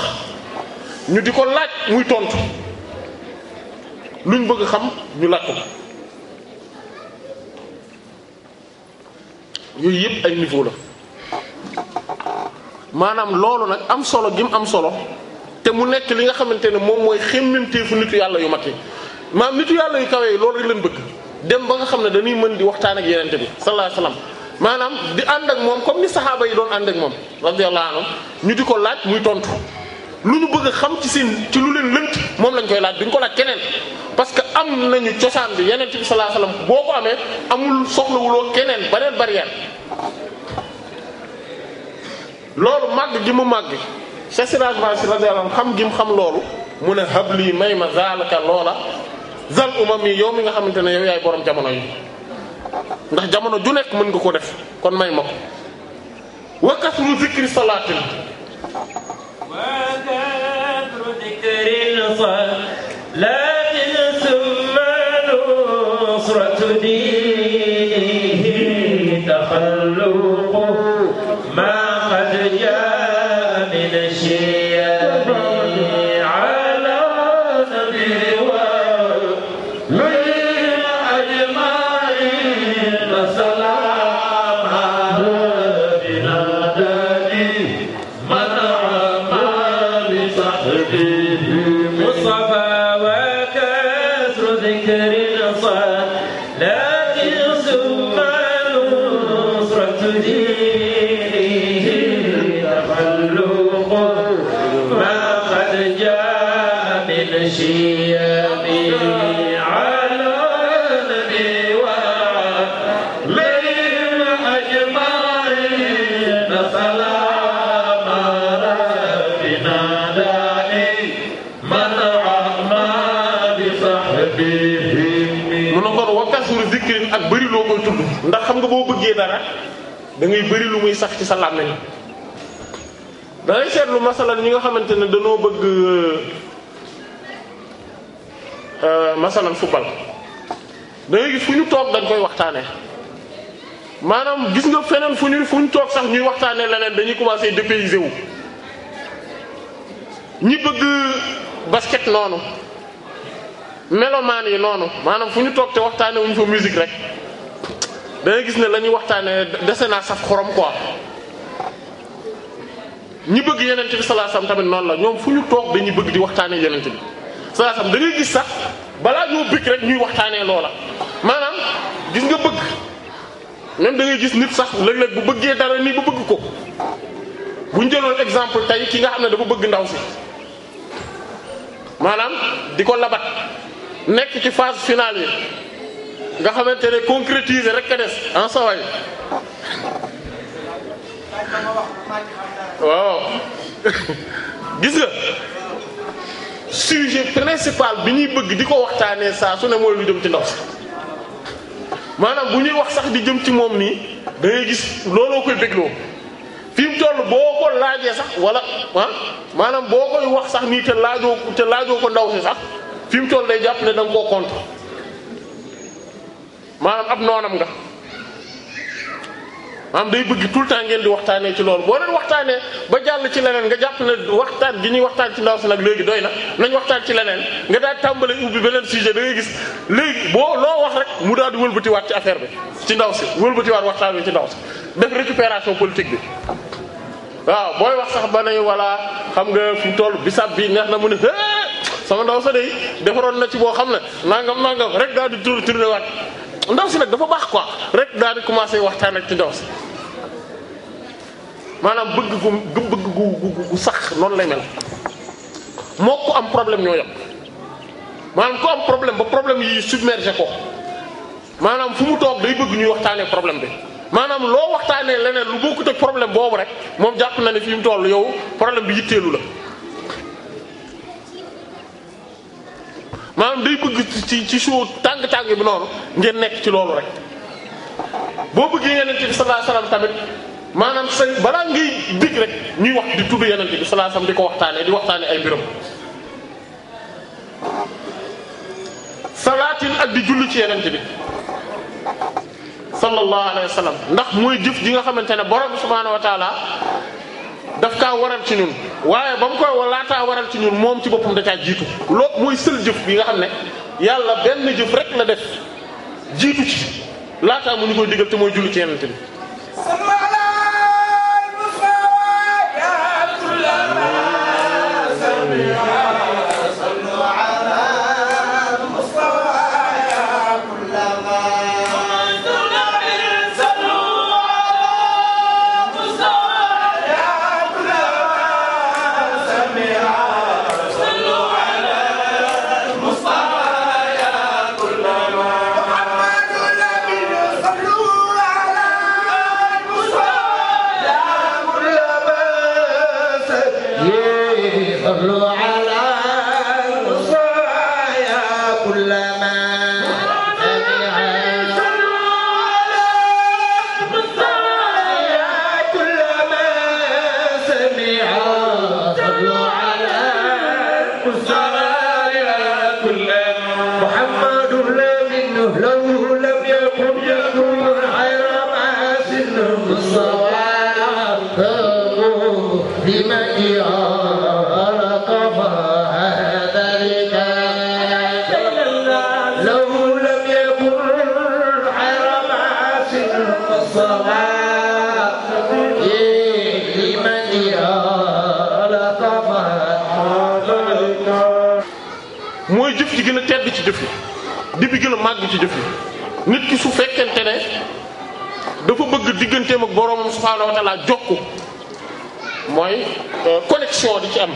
ñu di ko laaj muy tontu luñ bëgg xam ñu laaj ko yooyu yëpp ay niveau la maanaam loolu nag am solo gi mu am solo te mu nekk li nga xamante ne moom mooy xemmemteefu nitu yàlla yu mag yi maanaam nitu yàlla yu kawee yi loolu rek leen bëgg dem ba nga xam ne dañuy mën di waxtaan ak yenente bi sallallahu alayhi wasallam maanaam di ànd ak moom comme ni saxaaba yi doon ànd ak moom radiyallahu anhu ñu di ko laaj muy tontu lu ñu bëgg a xam ci seen ci lu leen lënt moom lañ koy laaj duñ ko laaj keneen parce que am nañu cosaan bi yenente bi sallallahu alayhi wasallam boo ko amee amul soxlawuloo keneen beneen barrière loolu màgg gi mu màgg Cheikh Seydi Hadji Malick Sy xam gi mu xam loolu mu ne habli may ma zalaka loola zal umam yi yow mi nga xamante ne yow yaay borom jamono yi ndax jamono ju nekk mën nga ko def kon may ma ko wa kasru zikri salaatin لكن ثم نصرة دينه تخلوا يا bëggee dara dangay bëri lu muy sax ci sa làmmiñ da ngay seetlu masalan ñi nga xamante ne danoo bëgg euh, euh, masalan football da ngay gis fu ñu toog dañ koy waxtaanee maanaam gis nga feneen fu ñu fu toog sax ñuy waxtaanee leneen dañuy commencer dépayser wu ñi bëgg basket noonu melo melomaan yi noonu maanaam fu ñu toog te waxtaanee wuñ fa musique rek. da gis ne lañuy ñuy waxtaanee dese naa sax xorom quoi ñi bëgg yenent bi sallallahu tamit noonu la ñoom fu ñu toog dañuy bëgg di waxtaanee yenent bi sallallahu alayhi da ngay gis sax balaa ñoo bëgg rek ñuy waxtaanee loola maanaam gis nga bëgg même dangay gis nit sax léeg-léeg bu bëggee dara ni ba bëgg ko bu ñu jëloon exemple tey ki nga xam ne dafa bëgg ndaw si maanaam di ko labat nekk ci phase finale yi nga xamante ne concrétiser rek ka des en saway waaw gis nga sujet principal bi ñuy bëgg di ko waxtaanee saa su ne mooy lu jëm ci ndaw si maanaam bu ñuy wax sax di jëm ci moom nii dangay gis looloo koy bégloo fi mu toll boo ko laajee sax wala ah maanaam boo koy wax sax nii te laajoo te laajoo ko ndaw si sax fi mu toll day jàpp ne da nga koo contre maanaam ab noonam nga am day bëgg tout le temps ngeen di waxtaanee ci loolu boo leen waxtaanee ba jàll ci leneen nga jàpp ne waxtaan gi ñuy waxtaan ci ndaw si nag léegi doy na nañ waxtaan ci leneen nga daal tàmbale ubbi beneen sujet da ngay gis léegi boo loo wax rek mu daal di wëlbatiwaat ci affaire bi ci ndaw si wëlbatiwaat waxtaan bi ci ndaw si def récupération politique bi waaw booy wax sax ba ne walla xam nga fu toll bisab bi neex na mu ne sama ndaw sa day na ci boo xam ne nangam nangam rek daal di tourner waat ndaw si nag dafa baax quoi rek daal di commencé waxtaan ak ci ndaw si maanaam bëgg gu bëgg gu gu sax noonu lay mel moo ko am problème ñoo yem maanaam ku am problème ba problème yi submergé ko maanaam fu mu toog day bëgg ñuy waxtaanee problème bi maanaam loo waxtaanee leneen lu bokkut ak problème boobu rek moom jàpp na ne fi mu toll yow problème bi yitteelu la. maanaam day bëgg ci ci show tàng-tàng bi noonu ngeen nekk ci loolu rek boo bëggee yeneen ci sallallahu alayhi wasallam tamit maanaam sa balaa ngay dig rek ñuy wax di tudd yeneen bi sallallahu alayhi wasallam di ko waxtaanee di waxtaanee ay mbiram salaatin ak di julli ci yeneen bi sallallahu alayhi wasallam ndax mooy jëf ji nga xamante ne borom subhaanahu wa taala daf kaa waral ci ñun waaye ba mu koy laataa waral ci ñun moom ci boppam da caa jiitu loolu mooy sël jëf bi nga xam ne yàlla benn jëf rek la def jiitu ci laataa mu ñu koy digal te mooy julli ci yenente bi tedd ci jëf yi di bi gën a màgg ci jëf yi nit ki su fekkente ne dafa bëgg digganteem ak boroomam subhaanahu wa ta'ala jokku mooy euh, connexion di ci am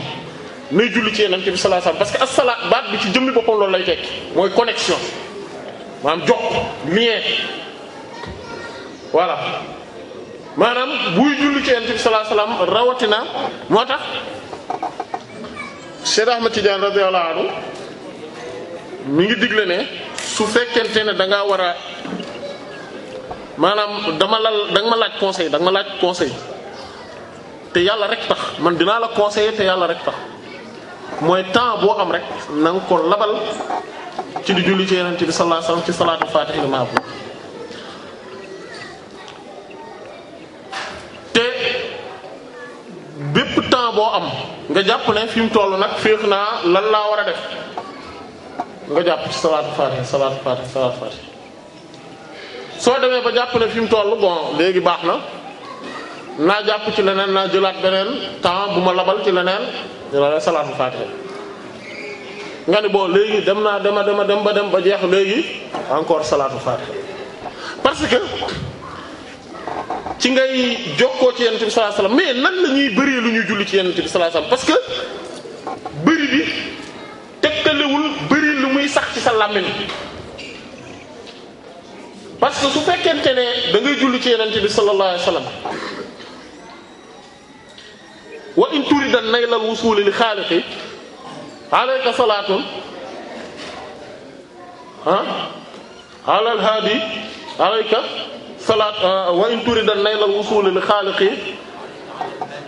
nay julli ci yeneen bi sallallahu alayhi wasallam parce que as-salaat baat bi ci jëmmi boppam loolu lay tekki mooy connexion maanaam jokk lien voilà maanaam buy julli ci yeneen bi sallallahu alayhi rawatina moo tax Cheikh Ahmad Tidiane radiyallahu anhu mu ngi digle ne su fekkente ne da ngaa war a maanaam dama lal danga ma laaj conseil danga ma laaj conseil te yàlla rek tax man dinaa la conseiller te yàlla rek tax mooy temps boo am rek na ko labal ci di julli ci yenente bi sallallahu alayhi wasallam ci salaatu fatih li maabo te bépp temps boo am nga jàpp ne fi mu toll nag féex naa lan laa war a def nga jàpp ci salaatu faatiha salaatu faatiha salaatu faatiha soo demee ba jàpp ne fi mu toll bon léegi baax na naa jàpp ci leneen naa jëlaat beneen temps bu ma labal ci leneen loolu salaatu faatiha nga ni boo léegi dem naa dema dema dem ba dem ba jeex léegi encore salaatu faatiha parce que ci ngay jokkoo ci yonent bi sallallahu alayhi mais nan la ñuy bëree lu ñuy julli ci yonent bi sallallahu alayhi parce que bëri bi tëkkalewul bëri lu muy sax ci sa làmmiñ parce que su fekkente ne da ngay julli ci yenente bi sallallahu alayhi wa sallam wa in turida nayla al-wusul li xaaliqi alayka salaatun ah ala haadi alayka salaat ah, wa in turida nayla al-wusul li xaaliqi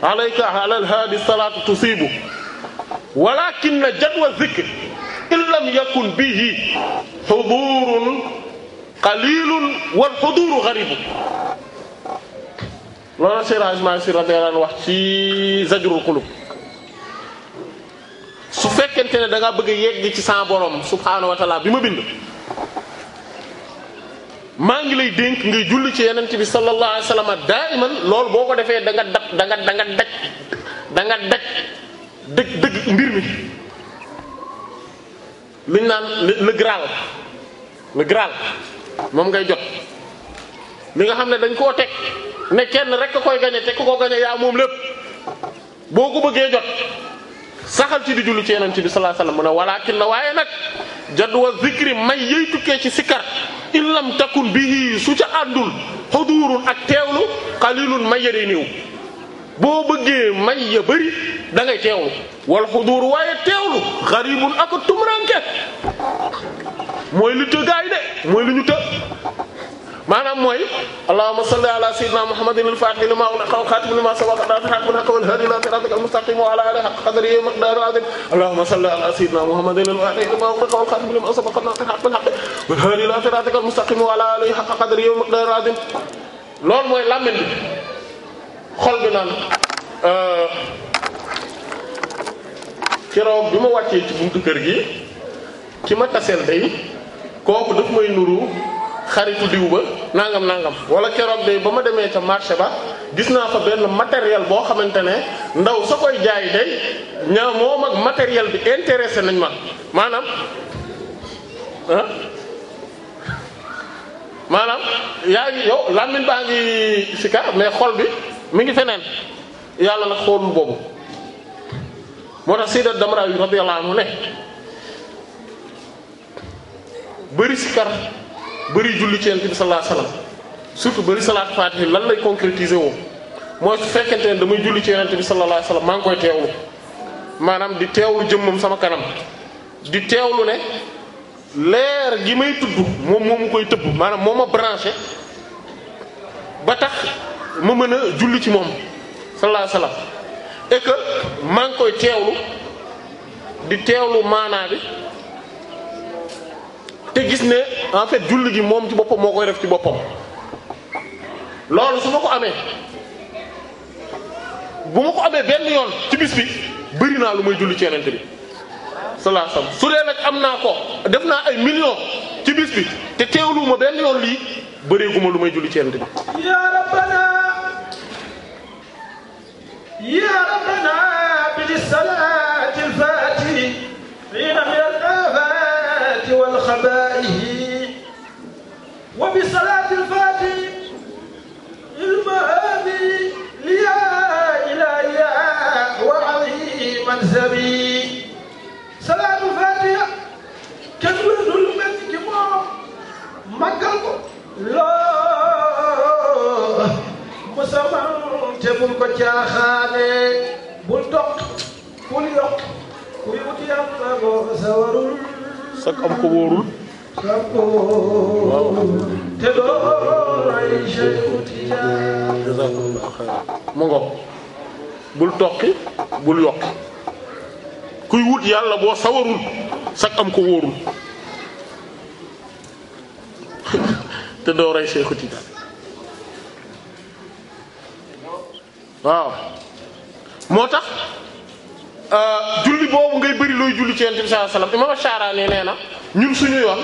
alayka ala al-haadi salaatu tusiibu walakinna jadwa zikr in lam yakun bihi xudurun qalilun wal xuduru garibu loolu séragement si radiyallahu anhu wax ci zajrul qulub su fekkente ne da bëgg a yegg ci sa borom subhaanahu wa bi ma bind maa ngi lay dénk ngay julli ci yenent bi sallallahu alayhi wa sallam daa iman loolu boo ko defee da nga dab da dëgg dëgg mbir mi liñ naan le graal le graal moom ngay jot li nga xam ne dañ koo teg ne kenn rek koy gañe te ku ko gañe yaa moom lépp boo ko bëggee jot saxal ci di julli ci yeneen ci bi sallallahu alayhi wasallam mu ne na waaye nag jadwa zikri may yey tukkee ci sikkar illam takun bihi su ca àndul xudurun ak teewlu xalilun may yëre néew boo bëggee may ya bëri da ngay teewlu wal xuduur waaye teewlu xaribun ak tumuranke mooy lu tëgaay de mooy lu ñu të maanaam mooy allahumma salli ala sayyidina muhammadin al-fatih lima ughliqa khatimi lima sabaqa naasiril haqqi bil haqqi wal hadi ila siratika al-mustaqim wa ala alihi haqqa qadrihi wa miqdarihi al-azim allahumma salli ala sayyidina muhammadin al-fatih lima ughliqa khatimi lima sabaqa naasiril haqqi bil haqqi wal hadi ila siratika al-mustaqim wa ala alihi haqqa qadrihi wa miqdarihi al-azim loolu mooy làmmiñ bi xol bi naan euh, keroog bi ma wàccee ci buntu kër gi ki ma taseel day kooku daf may nuru xaritu diw ba nangam nangam wala keroog day ba ma demee ca marché ba gis naa ko benn matériel boo xamante ne ndaw sa koy jaay day ñaa moom ak bi intéressé nañ ma maanaam ah? maanaam yaa ngi yow làmmiñ baa ngi sikar mais xol bi mi ngi feneen yàlla nag xoolul boobu moo tax sayyidat Damra radiyallahu anha ne bëri sikar bëri julli ci Yonent bi sallallahu alayhi wasallam surtout bëri salaat faatihi lan lay concrétiser woo mooy su fekkente ne damay julli ci Yonent bi sallallahu alayhi wasallam maa ngi koy teewlu maanaam di teewlu jëmmam sama kanam di teewlu ne leer gi may tudd moom moomu koy tëbb maanaam moo ma branché ba tax ma mën a julli ci moom sallallahu alayhi wasallam que maa koy teewlu di teewlu maanaa bi te gis ne en fait julli gi moom ci boppam moo koy def ci boppam loolu su ma ko amee bu ma ko amee benn yoon ci bis bi bëri naa lu may julli ci bi sallallahu alayhi wasallam su dee nag am naa ko def naa ay millions ci bis bi te teewluwuma benn yoon lii bëreeguma lu may julli ci bi يا ربنا بالصلاة الفاتح حين من الآفات والخبائه وبصلاة الفاتح ko caaxaane kuy wut yàlla boo ko sawarul sak am ko wóorul sak ko wóorul te bul toqi bul yokk kuy wut yàlla boo sawarul sak am ko wóorul te doo ray waaw moo tax euh, julli boobu ngay bëri looy julli ci yonent bi sallallahu alayhi wasallam imam na ñun suñu yoon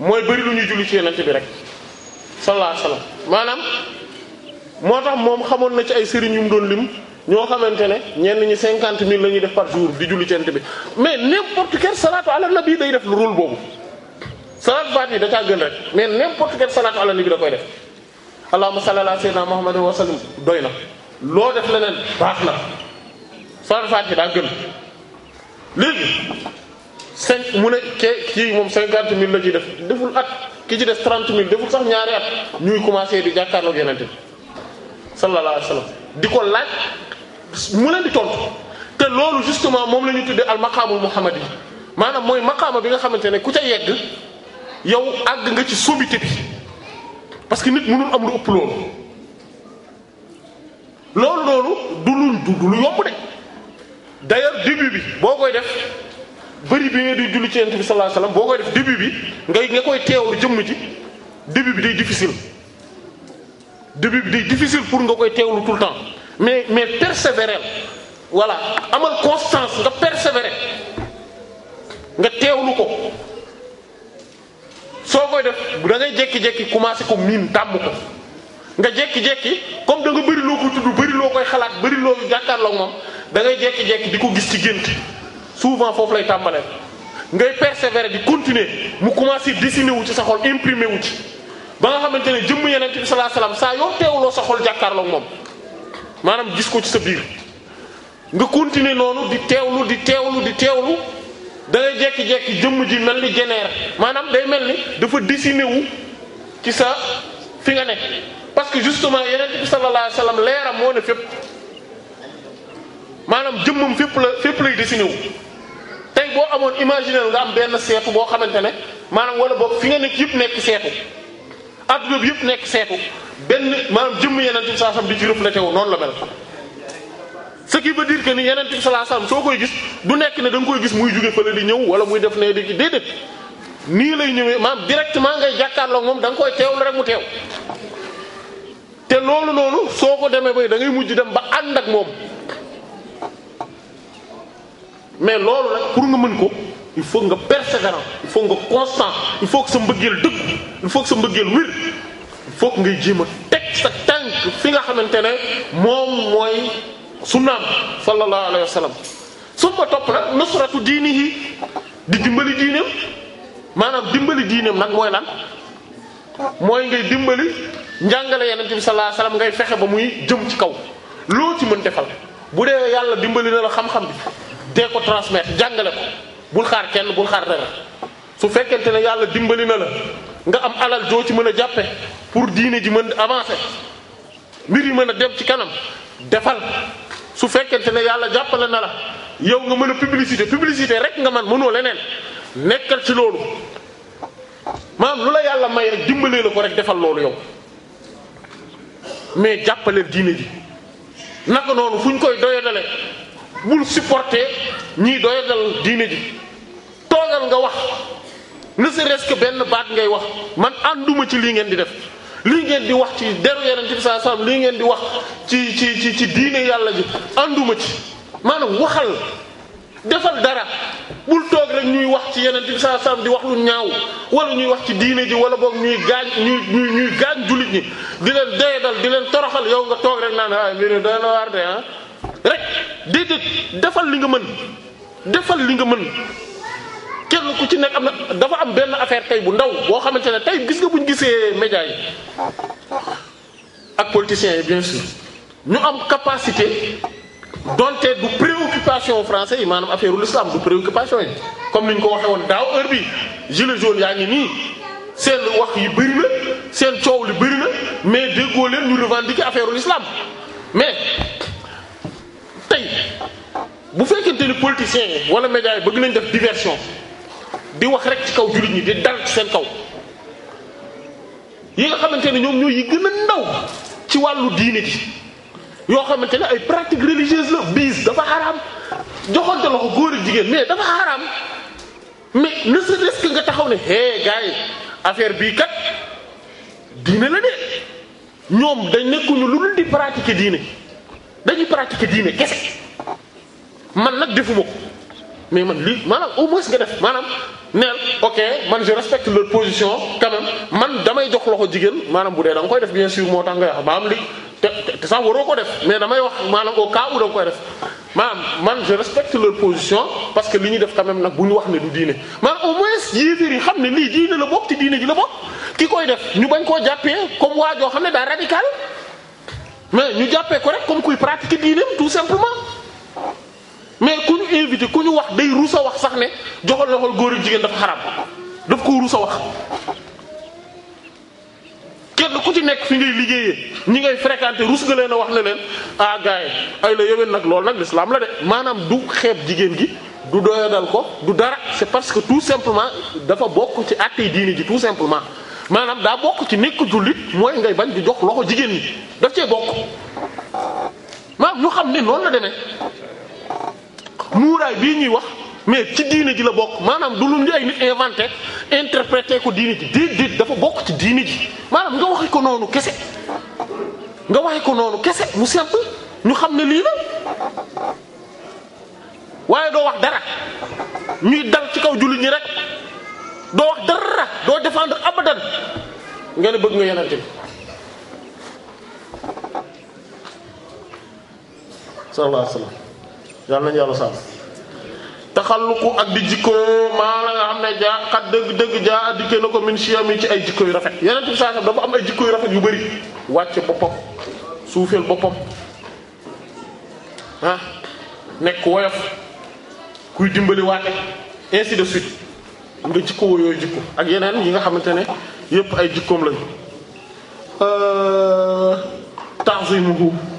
mooy bëri ñuy julli bi rek sallallahu alayhi maanaam moo tax moom xamoon na ci ay sëriñ yu mu doon lim ñoo xamante ne ñenn ñi cinquante mille la ñuy def par jour di julli bi mais n'importe quel salaatu day def rôle boobu salaat baat yi da caa gën rek mais n'importe quel salaatu ala nabi da koy def allahumma salli ala sayyidina muhammadin wa doy na loo def leneen baax na saar faatiha daa gën léegi cinq mu ne ke kii moom cinquante mille la ciy def deful at ki ci des trente mille deful sax ñaari at ñuy commencé di jàkkaarloog yenente bi sallallahu alayhi wa di ko laaj mu leen di tontu te loolu justement moom la ñu tuddee al maqaamul muhammad yi maanaam mooy maqaama bi nga xamante ne ku ca yegg yow àgg nga ci sobité bi parce que nit mënul am lu ëpp loolu loolu loolu du lu du lu yomb de d'ailleurs début bi boo koy def bari bi nga di julli ci yonent bi sallallahu alayhi wasallam boo koy def début bi ngay nga koy teewlu jëmm ji début bi day difficile début bi day difficile pour nga koy teewlu tout le temps mais mais persévérer voilà amal constance nga persévérer nga teewlu ko soo koy def da ngay jékki-jékki commencer ko miin tàmm ko nga jekki-jekki comme da nga bëri loo ko tudd bëri loo koy xalaat bëri loo jàkkaarloo moom dangay ngay jekki-jekki di ko gis ci gént souvent foofu lay tàmbalee ngay persévérer di continuer mu commencé dessiner wu ci sa xol imprimer wu ci ba nga xamante ne jëmm yeneen bi sallallahu alayhi wasallam saa yoo teewloo sa xol jàkkaarloo moom maanaam gis ko ci sa biir nga continuer noonu di teewlu di teewlu di teewlu da ngay jekki-jekki jëmm ji mel ni jeneer maanaam day mel ni dafa dessiner wu ci sa fi nga nekk parce que justement yeneen bi sallallahu alayhi wa sallam leeram moo ne fépp maanaam jëmmum fépp la fépp lay dessiné wu tey boo amoon imaginer nga am benn seetu boo xamante ne maanaam wala boog fi nga nekk yëpp nekk seetu adduna bi yëpp nekk seetu benn maanaam jëmm yeneen bi sallallahu alayhi wa di ci reflété wu noonu la mel ce qui veut dire ni yeneen bi sallallahu alayhi soo koy gis du nekk ne da nga koy gis muy jóge fële di ñëw wala muy def ne di déedéet nii lay ñëwee maanaam directement ngay jàkkaarloog moom da nga koy teewlu rek mu teew te loolu noonu soo ko demee bay da ngay mujj dem ba ànd ak moom mais loolu nag pour nga mën ko il faut nga persévérant il faut nga constant il faut que sa mbëggeel dëkk il faut que sa mbëggeel wér il faut ngay jéem teg sa tànk fi nga xamante ne moom mooy su sallallahu alayhi wa sallam su ma topp nag nusratu diinihi di dimbali diineem maanaam dimbali diineem nag mooy lan mooy ngay dimbali njàngale yenente bi sallallahu alayhi wasallam ngay fexe ba muy jëm ci kaw loo ci mën defal bu dee yàlla dimbali na la xam-xam bi dee ko transmettre jàngale ko bul xaar kenn bul xaar dara su fekkente ne yàlla dimbali na la nga am alal joo ci mën a jàppe pour diine ji mën avancer mbir yi mën a dem ci kanam defal su fekkente ne yàlla jàppale na la yow nga mën a publicité publicité rek nga man mënoo leneen nekkal ci loolu maanaam lu la yàlla may rek dimbalee la ko rek defal loolu yow mais jàppaleel diine ji naka noonu fu ñu koy doyadale bul supporter ñiy doyadal diine ji toogal nga wax ne serait-ce benn baat ngay wax man ànduma ci lii ngeen di def lii ngeen di wax ci deru yeneen ci saa sam lii ngeen di wax ci ci ci ci diine yàlla ji ànduma ci maanaam waxal defal dara bul toog rek ñuy wax ci yeneen bi saa sam di wax lu ñaaw wala ñuy wax ci diine ji wala boog ñuy gaañ ñuy ñuy ñuy gaañ jullit ñi di leen deedal di leen toroxal yow nga toog rek naan ah mbir mi doy na waar de ah. rek déedéet defal li nga mën defal li nga mën kenn ku ci nekk am na dafa am benn affaire tey bu ndaw boo xamante ne tey gis nga buñ gisee médias yi ak politiciens yi bien sûr ñu am capacité donte du préoccupation français yi maanaam affaire u l'islam du préoccupation yi comme ni ñu ko waxee woon daaw heure bi gilet jaune yaa ngi nii seen wax yi bëri seen coow li bëri na mais déggoo leen ñu revendiquer affaire u l'islam mais tey bu fekkente ni politiciens yi wala médias yi bëgg nañ def diversion di wax rek ci kaw jullit ñi di dal ci seen kaw yi nga xamante ne ñoom ñooy yi gën a ndaw ci wàllu diine ji yoo xamante ne ay pratique religieuse la biis dafa xaraam joxante loxo góor ak jigéen mais dafa xaraam mais ne serait-ce nga taxaw ne hé gars yi affaire bii kat diine la de ñoom dañ nekkuñu lu dul di pratiquer diine dañuy pratiquer diine kese man nag defuma ko mais man lii maanaam au moins nga def maanaam neel ok man je respecte leur position quand même man damay jox loxo jigéen maanaam bu dee da koy def bien sûr moo tax nga wax ba am li te te sax waroo ko def mais damay wax maanaam au cas où da koy def maanaam man je respecte leur position parce que li ñu def quand même nag bu ñu wax ne du diine maanaam au moins yéeféer yi xam ne lii diine la bokk ci diine ji la bokk ki koy def ñu bañ koo jàppee comme waa joo xam ne daa radical mais ñu jàppee ko rek comme kuy pratiquer diineem tout simplement mais ku ñu invité ku ñu wax day rusa wax sax ne joxal loxol góor jigéen dafa xarab daf ko rusa wax kenn ku ci nekk fi ngay liggéeyee ñi ngay fréquenté rus nga leen a wax ne leen ah gars ay la yowén nag loolu nag l'islam la de maanaam du xeeb jigéen gi du doyadal ko du dara c'est parce que tout simplement dafa bokk ci àttey diini ji tout simplement maanaam daa bokk ci nekk jullit mooy ngay bañ di jox loxo jigéen ñi daf cee bokk maanaam ñu xam ne noonu la demee muuraay bii ñuy wax mais ci diine ji la bokk maanaam du lu ñu ay nit inventé interprété ko diine ji déedéet dafa bokk ci diine ji maanaam nga waxe ko noonu kese nga waxe ko noonu kese mu simple ñu xam ne lii la waaye doo wax dara ñuy dal ci kaw jullit ñi rek doo wax dara doo défendre abadan nga ne bëgg nga yenante bi sallallahu alayhi wasallam yàlla nañu yàlla sàmm taxalluqu ak di jikkoo maa la nga xam ne jaa xat dëgg dëgg jaa dikke na ko min siyam yi ci ay jikko yu rafet yeneen ci saa dafa am ay jikko yu rafet yu bëri wàcce boppam suufeel boppam ah nekk woyof kuy dimbali waate ainsi de suite nga jikko yooyu jikko ak yeneen yi nga xamante ne yépp ay jikkoom lañu euh, tanzimuhu